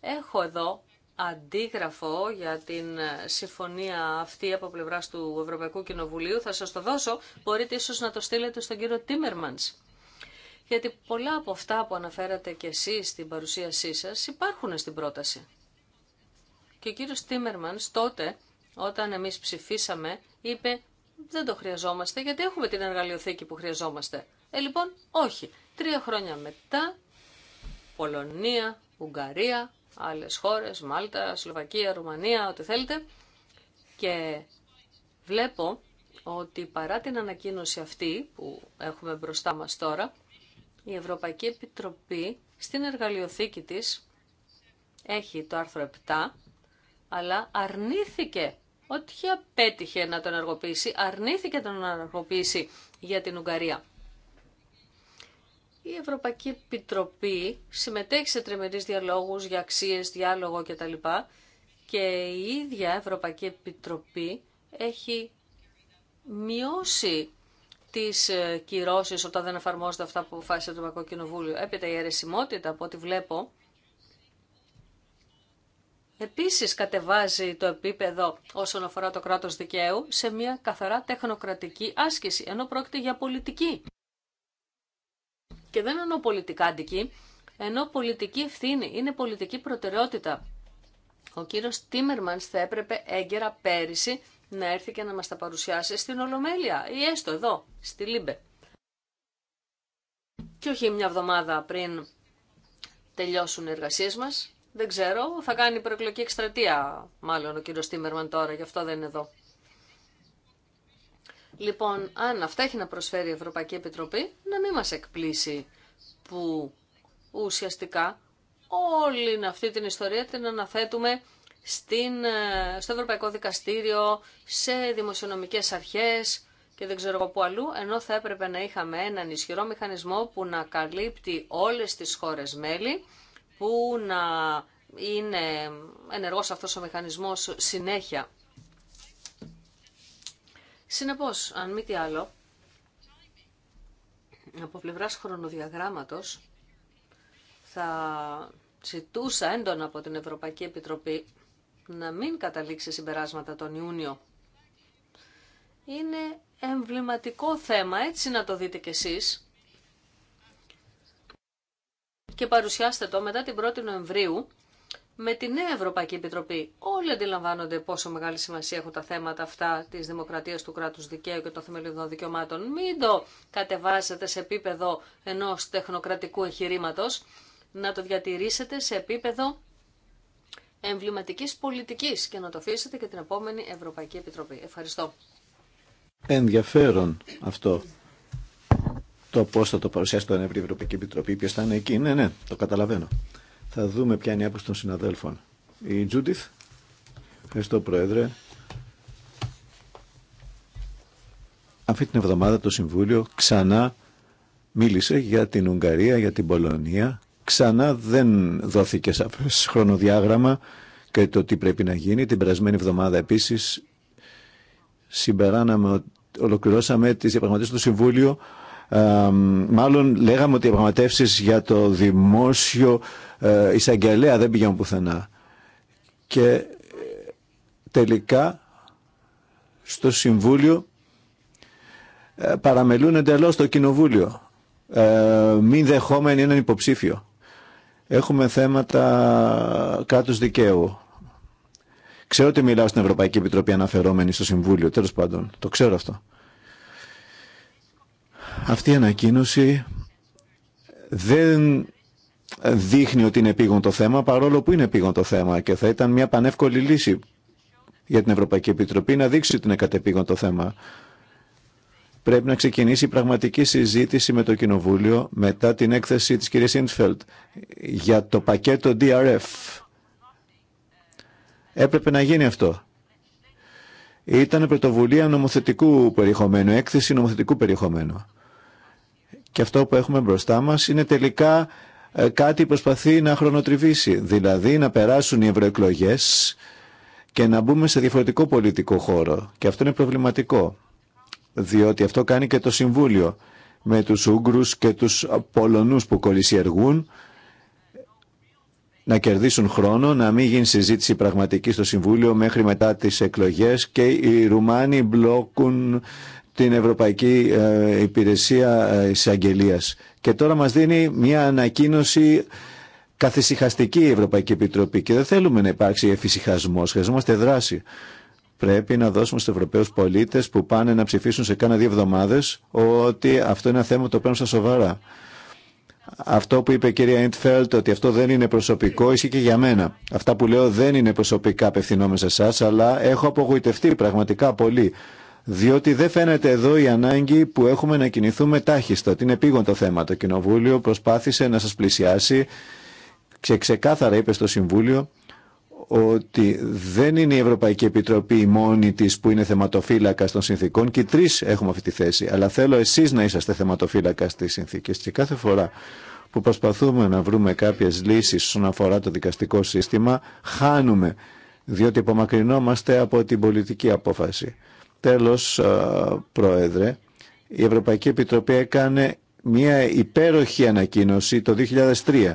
Έχω εδώ αντίγραφο για την συμφωνία αυτή από πλευράς του Ευρωπαϊκού Κοινοβουλίου. Θα σας το δώσω. Μπορείτε ίσως να το στείλετε στον κύριο Τίμερμανς. Γιατί πολλά από αυτά που αναφέρατε κι εσείς στην παρουσίασή σας υπάρχουν στην πρόταση. Και ο κύριος Τίμερμανς τότε, όταν εμείς ψηφίσαμε, είπε δεν το χρειαζόμαστε γιατί έχουμε την εργαλειοθήκη που χρειαζόμαστε. Ε, λοιπόν, όχι. Τρία χρόνια μετά, Πολωνία, Ουγγαρία, άλλες χώρες, Μάλτα, Σλοβακία, Ρουμανία, ό,τι θέλετε. Και βλέπω ότι παρά την ανακοίνωση αυτή που έχουμε μπροστά μας τώρα, η Ευρωπαϊκή Επιτροπή στην εργαλειοθήκη της έχει το άρθρο 7, αλλά αρνήθηκε, ό,τι απέτυχε να τον αργοποιήσει, αρνήθηκε να τον αργοποιήσει για την Ουγγαρία. Η Ευρωπαϊκή Επιτροπή συμμετέχει σε τρεμερείς διαλόγους για αξίες, διάλογο κτλ. Και η ίδια Ευρωπαϊκή Επιτροπή έχει μειώσει τις ε, κυρώσεις όταν δεν εφαρμόζονται αυτά που αποφάσισε το Ευρωπαϊκό Κοινοβούλιο. Έπειτα η αιρεσιμότητα, από ό,τι βλέπω, επίσης κατεβάζει το επίπεδο όσον αφορά το κράτος δικαίου σε μια καθαρά τεχνοκρατική άσκηση, ενώ πρόκειται για πολιτική. Και δεν εννοώ πολιτικά αντική, ενώ πολιτική ευθύνη, είναι πολιτική προτεραιότητα. Ο κύριος Τίμερμανς θα έπρεπε έγκαιρα πέρυσι να έρθει και να μας τα παρουσιάσει στην Ολομέλεια ή έστω εδώ, στη Λίμπε. Και όχι μια εβδομάδα πριν τελειώσουν οι εργασίες μας. Δεν ξέρω, θα κάνει προεκλογική εκστρατεία μάλλον ο κύριος Τίμερμαν τώρα, γι' αυτό δεν είναι εδώ. Λοιπόν, αν αυτά έχει να προσφέρει η Ευρωπαϊκή Επιτροπή, να μην μας εκπλήσει που ουσιαστικά όλη αυτή την ιστορία την αναθέτουμε στην, ε, στο Ευρωπαϊκό Δικαστήριο, σε δημοσιονομικές αρχές και δεν ξέρω που αλλού, ενώ θα έπρεπε να είχαμε έναν ισχυρό μηχανισμό που να καλύπτει όλες τις χώρες μέλη, που να είναι ενεργός αυτός ο μηχανισμός συνέχεια. Συνεπώς, αν μη τι άλλο, από πλευράς χρονοδιαγράμματος θα ζητούσα έντονα από την Ευρωπαϊκή Επιτροπή να μην καταλήξει συμπεράσματα τον Ιούνιο. Είναι εμβληματικό θέμα, έτσι να το δείτε κι εσείς. Και παρουσιάστε το μετά την 1η Νοεμβρίου με τη νέα Ευρωπαϊκή Επιτροπή. Όλοι αντιλαμβάνονται πόσο μεγάλη σημασία έχουν τα θέματα αυτά τη δημοκρατία του κράτου δικαίου και των θεμελιωδών δικαιωμάτων. Μην το κατεβάσετε σε επίπεδο ενό τεχνοκρατικού εγχειρήματο, να το διατηρήσετε σε επίπεδο εμβληματική πολιτική και να το αφήσετε και την επόμενη Ευρωπαϊκή Επιτροπή. Ευχαριστώ. Ενδιαφέρον αυτό το πώ θα το παρουσιάσει το Ευρωπαϊκή Επιτροπή, ποιο θα είναι εκεί. Ναι, ναι, το καταλαβαίνω. Θα δούμε ποια είναι η άποψη των συναδέλφων. Η Τζούντιθ. Ευχαριστώ, Πρόεδρε. Αυτή την εβδομάδα το Συμβούλιο ξανά μίλησε για την Ουγγαρία, για την Πολωνία. Ξανά δεν δόθηκε σαφές χρονοδιάγραμμα και το τι πρέπει να γίνει. Την περασμένη εβδομάδα επίσης συμπεράναμε, ολοκληρώσαμε τις διαπραγματεύσεις του Συμβούλιο μάλλον λέγαμε ότι οι διαπραγματεύσει για το δημόσιο ε, εισαγγελέα δεν πηγαίνουν πουθενά. Και ε, τελικά στο Συμβούλιο ε, παραμελούν εντελώς το Κοινοβούλιο. Ε, μην δεχόμενοι έναν υποψήφιο. Έχουμε θέματα κάτω δικαίου. Ξέρω ότι μιλάω στην Ευρωπαϊκή Επιτροπή αναφερόμενη στο Συμβούλιο, τέλος πάντων. Το ξέρω αυτό. Αυτή η ανακοίνωση δεν δείχνει ότι είναι επίγον το θέμα, παρόλο που είναι επίγον το θέμα και θα ήταν μια πανεύκολη λύση για την Ευρωπαϊκή Επιτροπή να δείξει ότι είναι το θέμα. Πρέπει να ξεκινήσει η πραγματική συζήτηση με το Κοινοβούλιο μετά την έκθεση της κυρίας Ινφελτ για το πακέτο DRF. Έπρεπε να γίνει αυτό. Ήταν πρωτοβουλία νομοθετικού περιεχομένου, έκθεση νομοθετικού περιεχομένου. Και αυτό που έχουμε μπροστά μας είναι τελικά ε, κάτι που προσπαθεί να χρονοτριβήσει. Δηλαδή να περάσουν οι ευρωεκλογέ και να μπούμε σε διαφορετικό πολιτικό χώρο. Και αυτό είναι προβληματικό. Διότι αυτό κάνει και το Συμβούλιο με τους Ούγκρους και τους Πολωνούς που κολλησιεργούν να κερδίσουν χρόνο, να μην γίνει συζήτηση πραγματική στο Συμβούλιο μέχρι μετά τις εκλογές και οι Ρουμάνοι μπλόκουν την Ευρωπαϊκή ε, Υπηρεσία ε, Εισαγγελία. Και τώρα μα δίνει μια ανακοίνωση καθησυχαστική η Ευρωπαϊκή Επιτροπή και δεν θέλουμε να υπάρξει εφησυχασμό. χρειαζόμαστε δράση. Πρέπει να δώσουμε στου Ευρωπαίου πολίτε που πάνε να ψηφίσουν σε κάνα δύο εβδομάδε, ότι αυτό είναι ένα θέμα το παίρνουν στα σοβαρά. Αυτό που είπε η κυρία Ιντφέλτ ότι αυτό δεν είναι προσωπικό ισχύει και για μένα. Αυτά που λέω δεν είναι προσωπικά απευθυνόμενα σε εσά, αλλά έχω απογοητευτεί πραγματικά πολύ διότι δεν φαίνεται εδώ η ανάγκη που έχουμε να κινηθούμε τάχιστα. είναι πήγον το θέμα. Το Κοινοβούλιο προσπάθησε να σας πλησιάσει και ξεκάθαρα είπε στο Συμβούλιο ότι δεν είναι η Ευρωπαϊκή Επιτροπή η μόνη της που είναι θεματοφύλακα των συνθήκων και οι τρεις έχουμε αυτή τη θέση. Αλλά θέλω εσείς να είσαστε θεματοφύλακα της συνθήκες και κάθε φορά που προσπαθούμε να βρούμε κάποιες λύσεις όσον αφορά το δικαστικό σύστημα χάνουμε διότι απομακρυνόμαστε από την πολιτική απόφαση. Τέλος, Πρόεδρε, η Ευρωπαϊκή Επιτροπή έκανε μια υπέροχη ανακοίνωση το 2003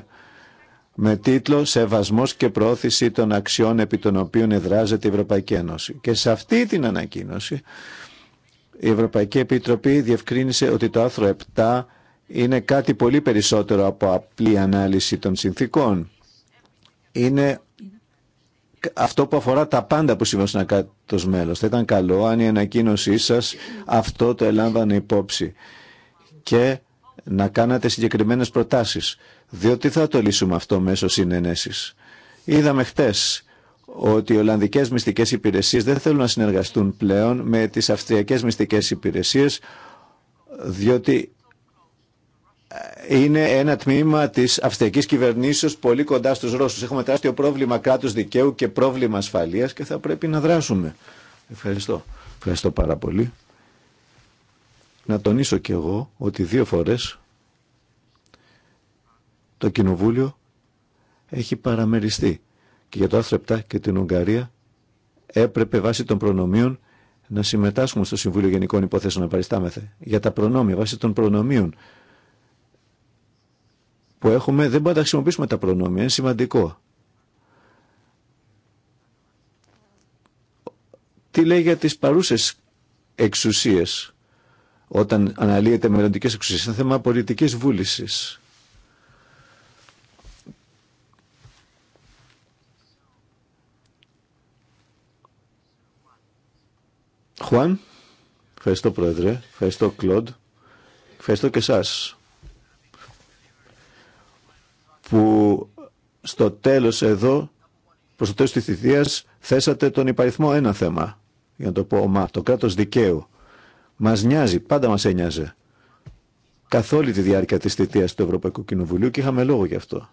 με τίτλο «Σεβασμός και προώθηση των αξιών επί των οποίων εδράζεται η Ευρωπαϊκή Ένωση». Και σε αυτή την ανακοίνωση η Ευρωπαϊκή Επιτροπή διευκρίνησε ότι το άθρο 7 είναι κάτι πολύ περισσότερο από απλή ανάλυση των συνθήκων. Είναι αυτό που αφορά τα πάντα που συμβαίνουν ένα κάτω μέλο. Θα ήταν καλό αν η ανακοίνωσή σα αυτό το ελάμβανε υπόψη και να κάνατε συγκεκριμένες προτάσεις, διότι θα το λύσουμε αυτό μέσω συνενέσεις. Είδαμε χτες ότι οι Ολλανδικές μυστικές υπηρεσίες δεν θέλουν να συνεργαστούν πλέον με τις Αυστριακές μυστικές υπηρεσίες, διότι είναι ένα τμήμα της αυστριακής κυβερνήσεως πολύ κοντά στου Ρώσου. Έχουμε τεράστιο πρόβλημα κράτους δικαίου και πρόβλημα ασφαλεία και θα πρέπει να δράσουμε. Ευχαριστώ. Ευχαριστώ πάρα πολύ. Να τονίσω κι εγώ ότι δύο φορές το Κοινοβούλιο έχει παραμεριστεί και για το Άθρεπτα και την Ουγγαρία έπρεπε βάσει των προνομίων να συμμετάσχουμε στο Συμβούλιο Γενικών Υποθέσεων να παριστάμεθε. Για τα προνόμια, βάσει των προνομίων που έχουμε, δεν μπορούμε να χρησιμοποιήσουμε τα προνόμια. Είναι σημαντικό. Τι λέει για τις παρούσες εξουσίες όταν αναλύεται μελλοντικέ εξουσίες. Είναι θέμα πολιτικής βούλησης. Χουάν, ευχαριστώ Πρόεδρε, ευχαριστώ Κλοντ, ευχαριστώ και εσάς που στο τέλος εδώ, προς το τέλος της θητείας, θέσατε τον υπαριθμό ένα θέμα, για να το πω ομά, το κράτος δικαίου. Μας νοιάζει, πάντα μας ένοιαζε, καθ' όλη τη διάρκεια της θητείας του Ευρωπαϊκού Κοινοβουλίου και είχαμε λόγο γι' αυτό.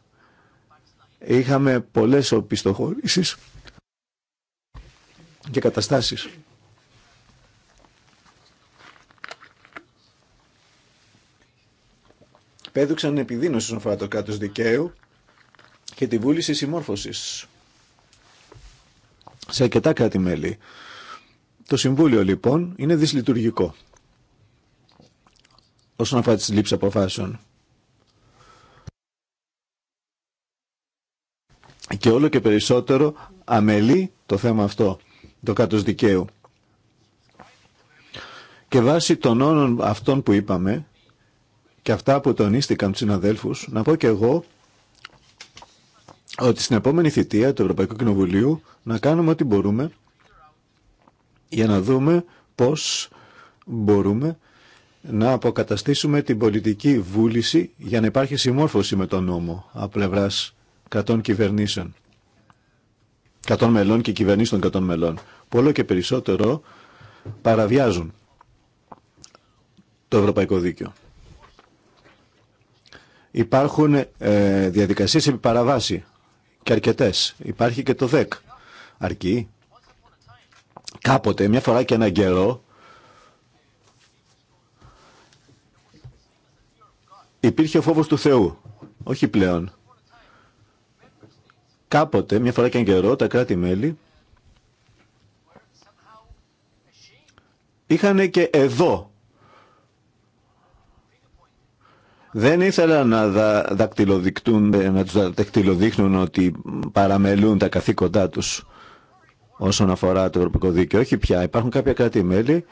Είχαμε πολλές οπισθοχώρησεις και καταστάσεις. πέδουξαν επιδείνωση όσον αφορά το δικαίου και τη βούληση συμμόρφωση σε αρκετά κράτη-μέλη. Το Συμβούλιο λοιπόν είναι δυσλειτουργικό όσον αφορά τις λήψεις αποφάσεων. Και όλο και περισσότερο αμελεί το θέμα αυτό, το κάτω δικαίου. Και βάσει των όνων αυτών που είπαμε, και αυτά που τονίστηκαν του συναδέλφου, να πω και εγώ ότι στην επόμενη θητεία του Ευρωπαϊκού Κοινοβουλίου να κάνουμε ό,τι μπορούμε για να δούμε πώς μπορούμε να αποκαταστήσουμε την πολιτική βούληση για να υπάρχει συμμόρφωση με τον νόμο από πλευρά κρατών κυβερνήσεων. Κατών μελών και κυβερνήσεων των κατών μελών. Που όλο και περισσότερο παραβιάζουν το ευρωπαϊκό δίκαιο. Υπάρχουν ε, διαδικασίες επί παραβάση και αρκετές. Υπάρχει και το ΔΕΚ. Αρκεί κάποτε, μια φορά και έναν καιρό, υπήρχε ο φόβος του Θεού. Όχι πλέον. Κάποτε, μια φορά και έναν καιρό, τα κράτη-μέλη είχαν και εδώ δεν ήθελα να δακτυλοδεικτούν, να τους δακτυλοδείχνουν ότι παραμελούν τα καθήκοντά τους όσον αφορά το ευρωπαϊκό δίκαιο. Όχι πια. Υπάρχουν κάποια κράτη-μέλη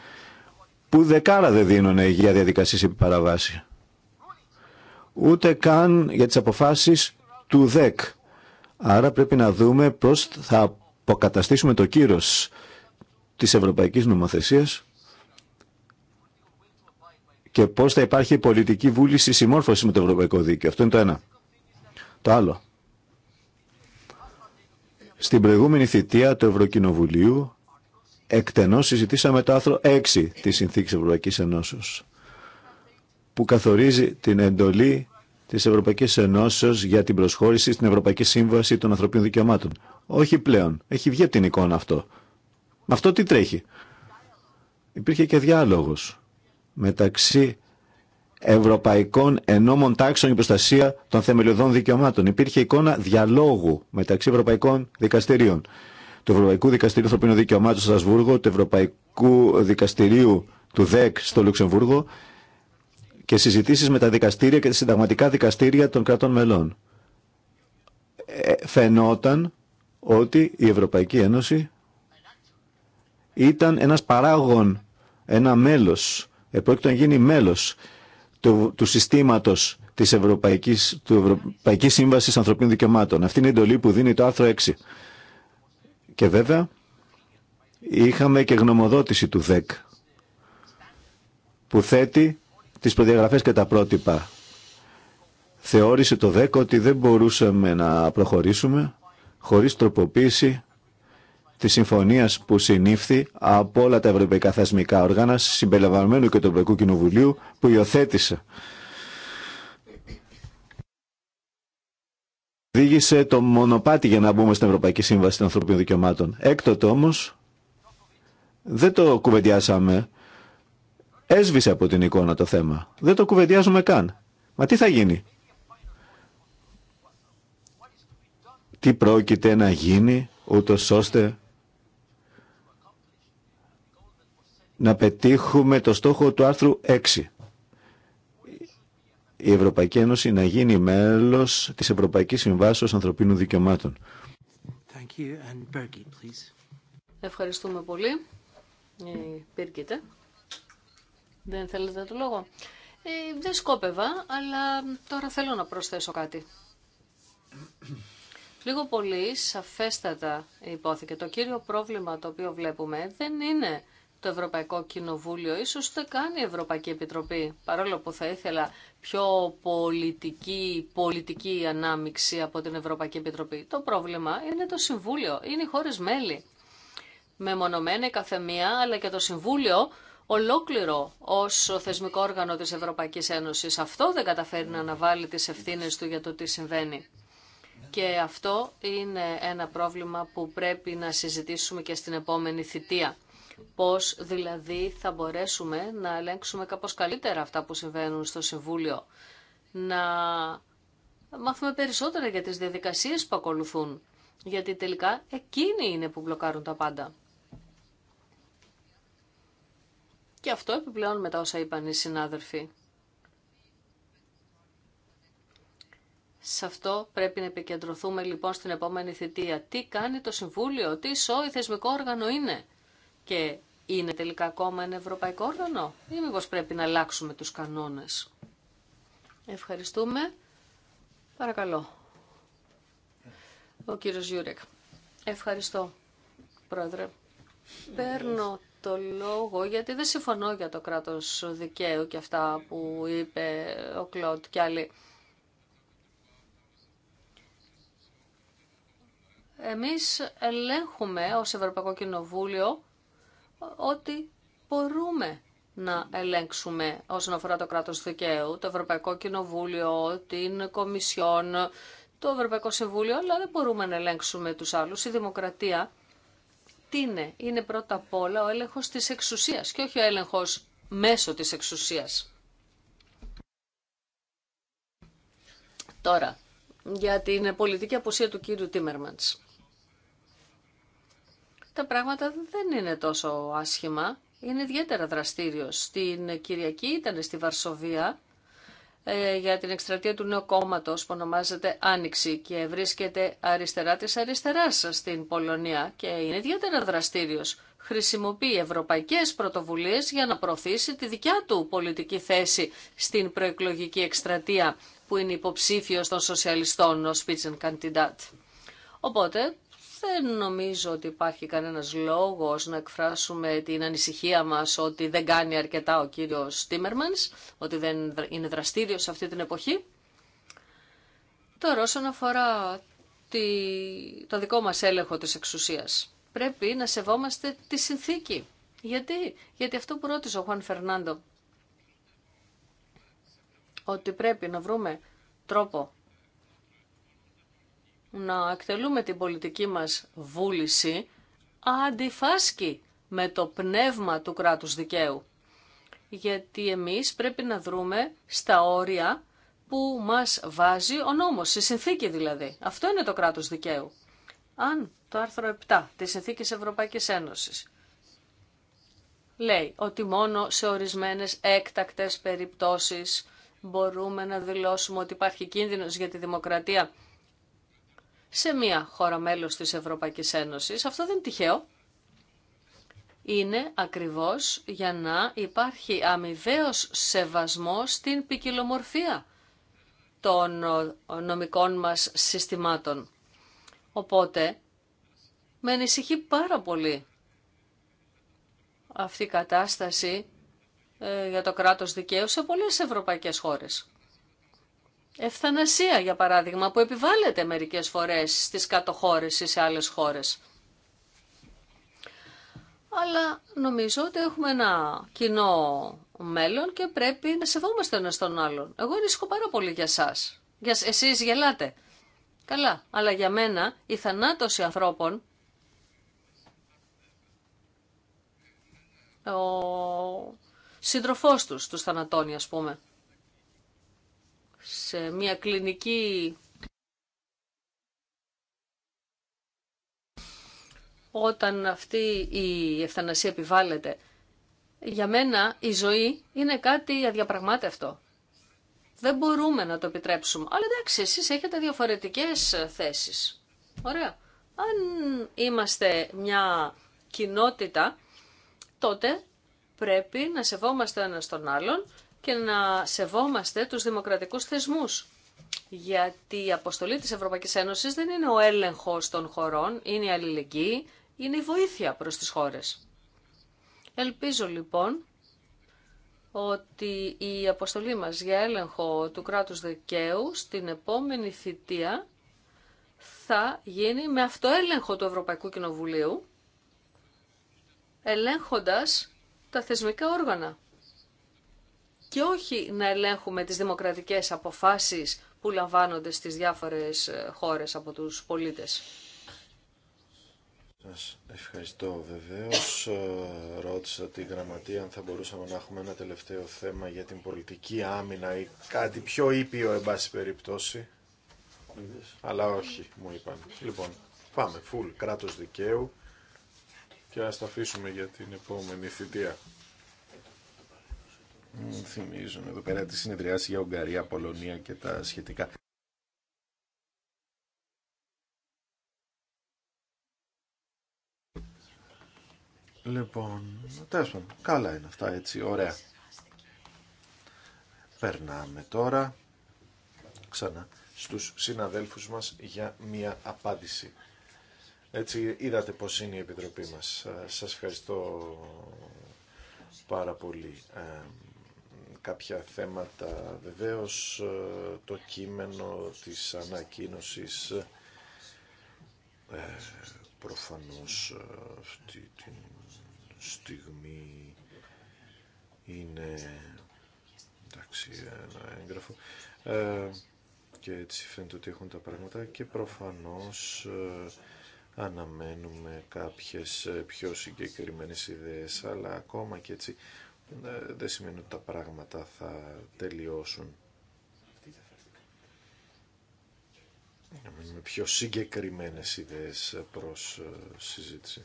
που δεκάρα δεν δίνουν υγεία διαδικασίες επί παραβάση. Ούτε καν για τις αποφάσεις του ΔΕΚ. Άρα πρέπει να δούμε πώς θα αποκαταστήσουμε το κύρος της ευρωπαϊκής νομοθεσίας και πώ θα υπάρχει πολιτική βούληση συμμόρφωση με το ευρωπαϊκό δίκαιο. Αυτό είναι το ένα. Το άλλο. Στην προηγούμενη θητεία του Ευρωκοινοβουλίου εκτενώς συζητήσαμε το άθρο 6 της Συνθήκης Ευρωπαϊκής Ενώσεως που καθορίζει την εντολή της Ευρωπαϊκής Ενώσεως για την προσχώρηση στην Ευρωπαϊκή Σύμβαση των Ανθρωπίνων Δικαιωμάτων. Όχι πλέον. Έχει βγει από την εικόνα αυτό. Με αυτό τι τρέχει. Υπήρχε και διάλογος μεταξύ ευρωπαϊκών ενόμων τάξεων για προστασία των θεμελιωδών δικαιωμάτων. Υπήρχε εικόνα διαλόγου μεταξύ ευρωπαϊκών δικαστηρίων. Του Ευρωπαϊκού Δικαστηρίου Ανθρωπίνων Δικαιωμάτων στο Στρασβούργο, του Ευρωπαϊκού Δικαστηρίου του ΔΕΚ στο Λουξεμβούργο και συζητήσεις με τα δικαστήρια και τα συνταγματικά δικαστήρια των κρατών μελών. Ε, φαινόταν ότι η Ευρωπαϊκή Ένωση ήταν ένας παράγων, ένα μέλος επρόκειτο να γίνει μέλος του, του συστήματος της Ευρωπαϊκής, του Ευρωπαϊκής Σύμβασης Ανθρωπίνων Δικαιωμάτων. Αυτή είναι η εντολή που δίνει το άρθρο 6. Και βέβαια είχαμε και γνωμοδότηση του ΔΕΚ που θέτει τις προδιαγραφές και τα πρότυπα. Θεώρησε το ΔΕΚ ότι δεν μπορούσαμε να προχωρήσουμε χωρίς τροποποίηση τη συμφωνίας που συνήφθη από όλα τα ευρωπαϊκά θεσμικά όργανα συμπεριλαμβανομένου και του Ευρωπαϊκού Κοινοβουλίου που υιοθέτησε. Δίγησε το μονοπάτι για να μπούμε στην Ευρωπαϊκή Σύμβαση των Ανθρωπίνων Δικαιωμάτων. Έκτοτε όμω, δεν το κουβεντιάσαμε. Έσβησε από την εικόνα το θέμα. Δεν το κουβεντιάζουμε καν. Μα τι θα γίνει. Τι πρόκειται να γίνει ούτω ώστε να πετύχουμε το στόχο του άρθρου 6. Η Ευρωπαϊκή Ένωση να γίνει μέλος της Ευρωπαϊκής Συμβάσεως Ανθρωπίνων Δικαιωμάτων. Ευχαριστούμε πολύ. Πήρκετε. Δεν θέλετε το λόγο. Ε, δεν σκόπευα, αλλά τώρα θέλω να προσθέσω κάτι. Λίγο πολύ σαφέστατα υπόθηκε. Το κύριο πρόβλημα το οποίο βλέπουμε δεν είναι το Ευρωπαϊκό Κοινοβούλιο, ίσως δεν κάνει η Ευρωπαϊκή Επιτροπή, παρόλο που θα ήθελα πιο πολιτική, πολιτική ανάμιξη από την Ευρωπαϊκή Επιτροπή. Το πρόβλημα είναι το Συμβούλιο, είναι οι χώρες μέλη. Μεμονωμένη καθεμία, αλλά και το Συμβούλιο ολόκληρο ως θεσμικό όργανο της Ευρωπαϊκής Ένωσης. Αυτό δεν καταφέρει να αναβάλει τις ευθύνες του για το τι συμβαίνει. Και αυτό είναι ένα πρόβλημα που πρέπει να συζητήσουμε και στην επόμενη θητεία πώς δηλαδή θα μπορέσουμε να ελέγξουμε κάπως καλύτερα αυτά που συμβαίνουν στο Συμβούλιο, να μάθουμε περισσότερα για τις διαδικασίες που ακολουθούν, γιατί τελικά εκείνοι είναι που μπλοκάρουν τα πάντα. Και αυτό επιπλέον μετά όσα είπαν οι συνάδελφοι. Σε αυτό πρέπει να επικεντρωθούμε λοιπόν στην επόμενη θητεία. Τι κάνει το Συμβούλιο, τι σόι θεσμικό όργανο είναι. Και είναι τελικά ακόμα ένα ευρωπαϊκό όργανο ή μήπως πρέπει να αλλάξουμε τους κανόνες. Ευχαριστούμε. Παρακαλώ. Ο κύριος Γιούρεκ. Ευχαριστώ, πρόεδρε. Παίρνω το λόγο γιατί δεν συμφωνώ για το κράτος δικαίου και αυτά που είπε ο Κλοντ και άλλοι. Εμείς ελέγχουμε ως Ευρωπαϊκό Κοινοβούλιο ό,τι μπορούμε να ελέγξουμε όσον αφορά το κράτος δικαίου, το Ευρωπαϊκό Κοινοβούλιο, την Κομισιόν, το Ευρωπαϊκό Συμβούλιο, αλλά δεν μπορούμε να ελέγξουμε τους άλλους. Η δημοκρατία τι είναι. Είναι πρώτα απ' όλα ο έλεγχος της εξουσίας και όχι ο έλεγχος μέσω της εξουσίας. Τώρα, για την πολιτική αποσία του κύριου Τίμερμαντς τα πράγματα δεν είναι τόσο άσχημα. Είναι ιδιαίτερα δραστήριος. Στην Κυριακή ήταν στη Βαρσοβία ε, για την εκστρατεία του νέου κόμματο που ονομάζεται Άνοιξη και βρίσκεται αριστερά της αριστεράς στην Πολωνία και είναι ιδιαίτερα δραστήριος. Χρησιμοποιεί ευρωπαϊκές πρωτοβουλίες για να προωθήσει τη δικιά του πολιτική θέση στην προεκλογική εκστρατεία που είναι υποψήφιος των σοσιαλιστών ο Spitzenkandidat. Οπότε δεν νομίζω ότι υπάρχει κανένας λόγος να εκφράσουμε την ανησυχία μας ότι δεν κάνει αρκετά ο κύριος Τίμερμανς, ότι δεν είναι δραστήριος σε αυτή την εποχή. Τώρα όσον αφορά το δικό μας έλεγχο της εξουσίας, πρέπει να σεβόμαστε τη συνθήκη. Γιατί, Γιατί αυτό που ρώτησε ο Χουάν Φερνάντο, ότι πρέπει να βρούμε τρόπο να εκτελούμε την πολιτική μας βούληση αντιφάσκει με το πνεύμα του κράτους δικαίου. Γιατί εμείς πρέπει να δρούμε στα όρια που μας βάζει ο νόμος, η συνθήκη δηλαδή. Αυτό είναι το κράτος δικαίου. Αν το άρθρο 7 της Συνθήκης Ευρωπαϊκής Ένωσης λέει ότι μόνο σε ορισμένες έκτακτες περιπτώσεις μπορούμε να δηλώσουμε ότι υπάρχει κίνδυνος για τη δημοκρατία σε μία χώρα μέλος της Ευρωπαϊκής Ένωσης. Αυτό δεν είναι τυχαίο. Είναι ακριβώς για να υπάρχει αμοιβαίος σεβασμός στην ποικιλομορφία των νομικών μας συστημάτων. Οπότε, με ανησυχεί πάρα πολύ αυτή η κατάσταση ε, για το κράτος δικαίου σε πολλές ευρωπαϊκές χώρες. Ευθανασία, για παράδειγμα, που επιβάλλεται μερικές φορές στις κατοχώρες ή σε άλλες χώρες. Αλλά νομίζω ότι έχουμε ένα κοινό μέλλον και πρέπει να σεβόμαστε ένας τον άλλον. Εγώ ανησυχώ πάρα πολύ για εσάς. Εσείς γελάτε. Καλά, αλλά για μένα ή σε άλλες χώρες. Αλλά νομίζω ότι έχουμε ένα κοινό μέλλον και πρέπει να σεβόμαστε ένα τον άλλον. Εγώ ανησυχώ πάρα πολύ για σας. Για εσείς γελάτε. Καλά, αλλά για μένα η θανάτωση ανθρώπων ο σύντροφός τους, τους θανατώνει ας πούμε σε μια κλινική όταν αυτή η ευθανασία επιβάλλεται. Για μένα η ζωή είναι κάτι αδιαπραγμάτευτο. Δεν μπορούμε να το επιτρέψουμε. Αλλά εντάξει, εσείς έχετε διαφορετικές θέσεις. Ωραία. Αν είμαστε μια κοινότητα, τότε πρέπει να σεβόμαστε ένα τον άλλον και να σεβόμαστε τους δημοκρατικούς θεσμούς. Γιατί η αποστολή της Ευρωπαϊκής Ένωσης δεν είναι ο έλεγχος των χωρών, είναι η αλληλεγγύη, είναι η βοήθεια προς τις χώρες. Ελπίζω λοιπόν ότι η αποστολή μας για έλεγχο του κράτους δικαίου στην επόμενη θητεία θα γίνει με αυτοέλεγχο του Ευρωπαϊκού Κοινοβουλίου, ελέγχοντας τα θεσμικά όργανα και όχι να ελέγχουμε τις δημοκρατικές αποφάσεις που λαμβάνονται στις διάφορες ε, χώρες από τους πολίτες. Σας ευχαριστώ βεβαίως. Ε, ρώτησα τη γραμματεία αν θα μπορούσαμε να έχουμε ένα τελευταίο θέμα για την πολιτική άμυνα ή κάτι πιο ήπιο εν πάση περιπτώσει. Αλλά όχι, μου είπαν. Λοιπόν, πάμε. Φουλ κράτος δικαίου και ας τα αφήσουμε για την επόμενη θητεία θυμίζουν εδώ πέρα τη συνεδριάση για Ουγγαρία, Πολωνία και τα σχετικά. Λοιπόν, τέλος πάντων, καλά είναι αυτά έτσι, ωραία. Περνάμε τώρα ξανά στους συναδέλφους μας για μία απάντηση. Έτσι είδατε πώς είναι η Επιτροπή μας. Σας ευχαριστώ πάρα πολύ κάποια θέματα. Βεβαίως ε, το κείμενο της ανακοίνωσης ε, προφανώς ε, αυτή τη στιγμή είναι εντάξει ένα έγγραφο και έτσι φαίνεται ότι έχουν τα πράγματα και προφανώς αναμένουμε κάποιες πιο συγκεκριμένες ιδέες αλλά ακόμα και έτσι ναι, δεν σημαίνει ότι τα πράγματα θα τελειώσουν. Με πιο συγκεκριμένες ιδέες προς ε, συζήτηση.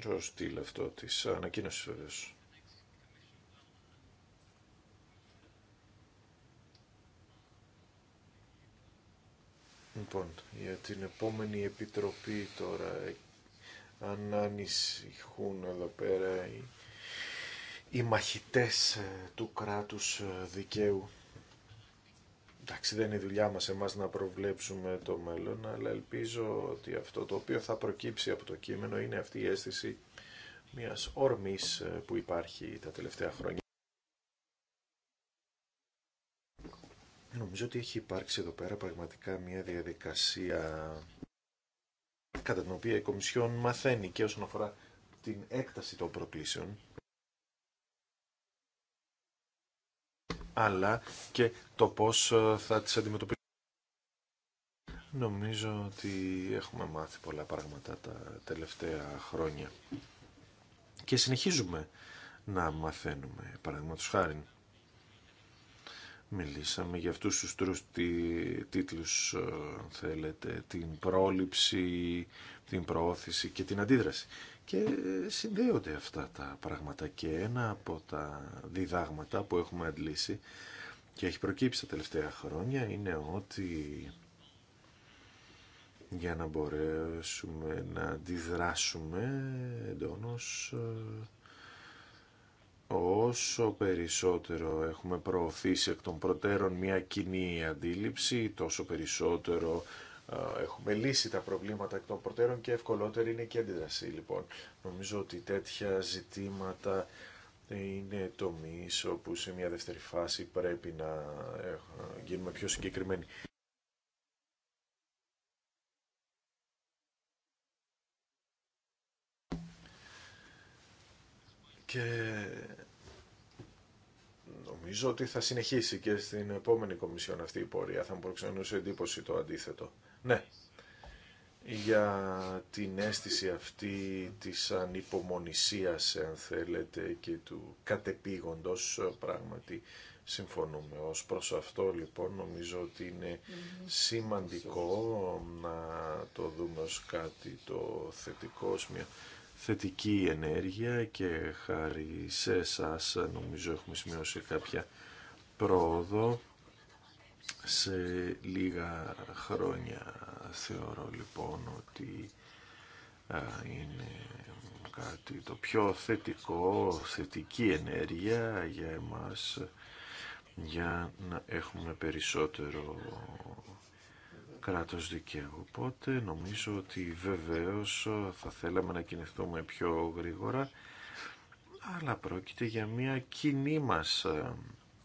Το στυλ αυτό της ανακοίνωσης βεβαίω. Λοιπόν, για την επόμενη επιτροπή τώρα αν ανησυχούν εδώ πέρα οι, μαχητές ε, του κράτους ε, δικαίου. Εντάξει, δεν είναι η δουλειά μας εμάς να προβλέψουμε το μέλλον, αλλά ελπίζω ότι αυτό το οποίο θα προκύψει από το κείμενο είναι αυτή η αίσθηση μιας ορμής ε, που υπάρχει τα τελευταία χρόνια. Νομίζω ότι έχει υπάρξει εδώ πέρα πραγματικά μια διαδικασία κατά την οποία η Κομισιόν μαθαίνει και όσον αφορά την έκταση των προκλήσεων, αλλά και το πώς ε, θα τις αντιμετωπίσει. Νομίζω ότι έχουμε μάθει πολλά πράγματα τα τελευταία χρόνια και συνεχίζουμε να μαθαίνουμε, παραδείγματος χάρη. Μιλήσαμε για αυτούς τους τρεις τίτλους, ε, θέλετε, την πρόληψη, την προώθηση και την αντίδραση. Και συνδέονται αυτά τα πράγματα και ένα από τα διδάγματα που έχουμε αντλήσει και έχει προκύψει τα τελευταία χρόνια είναι ότι για να μπορέσουμε να αντιδράσουμε εντόνως ε, Όσο περισσότερο έχουμε προωθήσει εκ των προτέρων μια κοινή αντίληψη, τόσο περισσότερο έχουμε λύσει τα προβλήματα εκ των προτέρων και ευκολότερη είναι και αντίδραση. Λοιπόν, νομίζω ότι τέτοια ζητήματα είναι τομείς όπου σε μια δεύτερη φάση πρέπει να ε, γίνουμε πιο συγκεκριμένοι. Και Νομίζω ότι θα συνεχίσει και στην επόμενη Κομισιόν αυτή η πορεία. Θα μου προξενούσε εντύπωση το αντίθετο. Ναι, για την αίσθηση αυτή της ανυπομονησίας, αν θέλετε, και του κατεπήγοντος πράγματι συμφωνούμε. Ως προς αυτό λοιπόν νομίζω ότι είναι mm-hmm. σημαντικό να το δούμε ως κάτι το θετικό, μια θετική ενέργεια και χάρη σε εσά. νομίζω έχουμε σημειώσει κάποια πρόοδο σε λίγα χρόνια θεωρώ λοιπόν ότι είναι κάτι το πιο θετικό, θετική ενέργεια για εμάς για να έχουμε περισσότερο κράτος δικαίου. Οπότε νομίζω ότι βεβαίως θα θέλαμε να κινηθούμε πιο γρήγορα, αλλά πρόκειται για μια κοινή μας ε,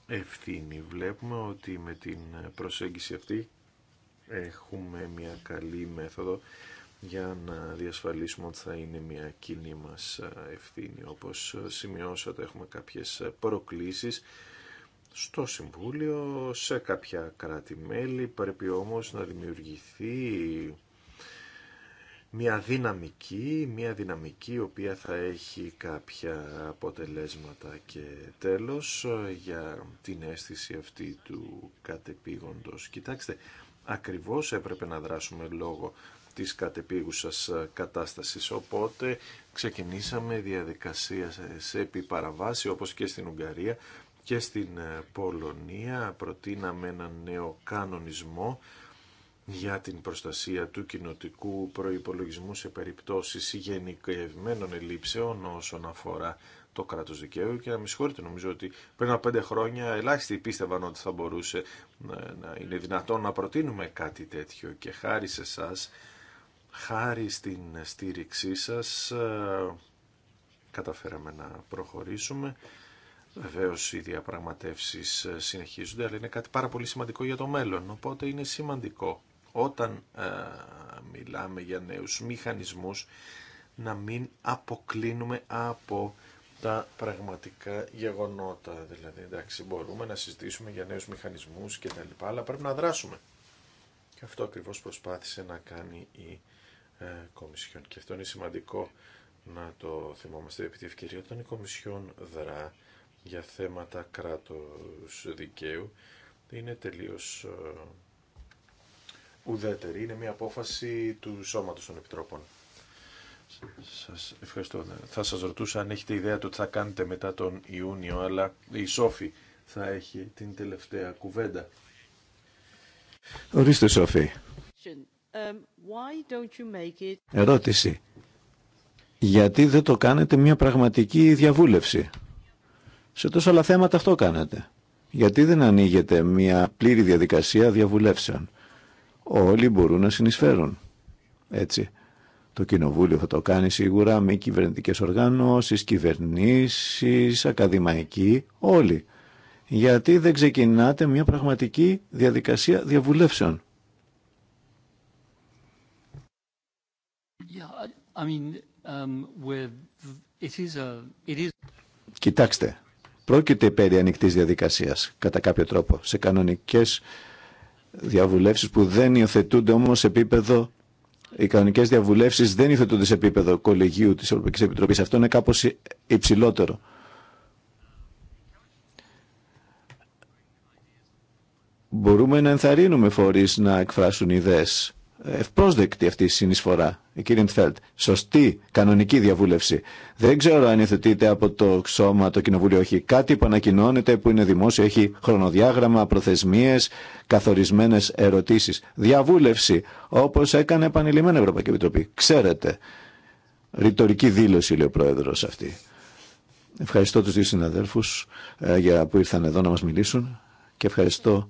ευθύνη. Βλέπουμε ότι με την προσέγγιση αυτή έχουμε μια καλή μέθοδο για να διασφαλίσουμε ότι θα είναι μια κοινή μας ε, ευθύνη. Όπως σημειώσατε έχουμε κάποιες προκλήσεις στο Συμβούλιο, σε κάποια κράτη-μέλη. Πρέπει όμως να δημιουργηθεί μια δυναμική, μια δυναμική οποία θα έχει κάποια αποτελέσματα και τέλος για την αίσθηση αυτή του κατεπήγοντος. Κοιτάξτε, ακριβώς έπρεπε να δράσουμε λόγω της κατεπήγουσας κατάστασης. Οπότε ξεκινήσαμε διαδικασία σε επιπαραβάση όπω όπως και στην Ουγγαρία και στην ε, Πολωνία προτείναμε έναν νέο κανονισμό για την προστασία του κοινοτικού προϋπολογισμού σε περιπτώσεις γενικευμένων ελλείψεων όσον αφορά το κράτος δικαίου και να με συγχωρείτε νομίζω ότι πριν από πέντε χρόνια ελάχιστοι πίστευαν ότι θα μπορούσε ε, να είναι δυνατόν να προτείνουμε κάτι τέτοιο και χάρη σε εσά, χάρη στην στήριξή σας ε, καταφέραμε να προχωρήσουμε Βεβαίω οι διαπραγματεύσει ε, συνεχίζονται, αλλά είναι κάτι πάρα πολύ σημαντικό για το μέλλον. Οπότε είναι σημαντικό όταν ε, μιλάμε για νέους μηχανισμούς να μην αποκλίνουμε από τα πραγματικά γεγονότα. Δηλαδή, εντάξει, μπορούμε να συζητήσουμε για νέους μηχανισμούς και τα λοιπά, αλλά πρέπει να δράσουμε. Και αυτό ακριβώς προσπάθησε να κάνει η ε, Κομισιόν. Και αυτό είναι σημαντικό να το θυμόμαστε επί τη ευκαιρία. Όταν η Κομισιόν δρά, για θέματα κράτους δικαίου είναι τελείως ε, ουδέτερη. Είναι μια απόφαση του Σώματος των Επιτρόπων. Σας ευχαριστώ. Θα σας ρωτούσα αν έχετε ιδέα το τι θα κάνετε μετά τον Ιούνιο, αλλά η Σόφη θα έχει την τελευταία κουβέντα. Ορίστε Σόφη. Um, Ερώτηση. Γιατί δεν το κάνετε μια πραγματική διαβούλευση. Σε τόσο άλλα θέματα αυτό κάνατε. Γιατί δεν ανοίγεται μια πλήρη διαδικασία διαβουλεύσεων. Όλοι μπορούν να συνεισφέρουν. Έτσι. Το Κοινοβούλιο θα το κάνει σίγουρα με κυβερνητικές οργανώσεις, κυβερνήσεις, ακαδημαϊκοί, όλοι. Γιατί δεν ξεκινάτε μια πραγματική διαδικασία διαβουλεύσεων. Κοιτάξτε, Πρόκειται περί ανοιχτή διαδικασία, κατά κάποιο τρόπο, σε κανονικέ διαβουλεύσει που δεν υιοθετούνται όμω σε επίπεδο. Οι κανονικέ διαβουλεύσει δεν υιοθετούνται σε επίπεδο κολεγίου τη Ευρωπαϊκή Επιτροπή. Αυτό είναι κάπω υψηλότερο. Μπορούμε να ενθαρρύνουμε φορείς να εκφράσουν ιδέες ευπρόσδεκτη αυτή η συνεισφορά, η κύριε Ντφέλτ. Σωστή κανονική διαβούλευση. Δεν ξέρω αν υιοθετείται από το σώμα, το κοινοβούλιο, όχι. Κάτι που ανακοινώνεται, που είναι δημόσιο, έχει χρονοδιάγραμμα, προθεσμίε, καθορισμένε ερωτήσει. Διαβούλευση, όπω έκανε επανειλημμένα η Ευρωπαϊκή Επιτροπή. Ξέρετε. Ρητορική δήλωση, λέει ο πρόεδρο αυτή. Ευχαριστώ του δύο συναδέλφου ε, για που ήρθαν εδώ να μα μιλήσουν και ευχαριστώ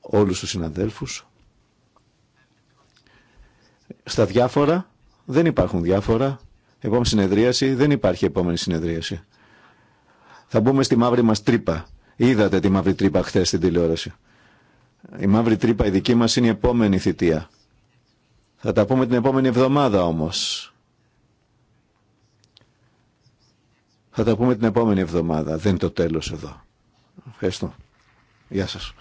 όλους τους συναδέλφους στα διάφορα δεν υπάρχουν διάφορα. Επόμενη συνεδρίαση δεν υπάρχει επόμενη συνεδρίαση. Θα μπούμε στη μαύρη μα τρύπα. Είδατε τη μαύρη τρύπα χθε στην τηλεόραση. Η μαύρη τρύπα η δική μας είναι η επόμενη θητεία. Θα τα πούμε την επόμενη εβδομάδα όμως. Θα τα πούμε την επόμενη εβδομάδα. Δεν είναι το τέλος εδώ. Ευχαριστώ. Γεια σας.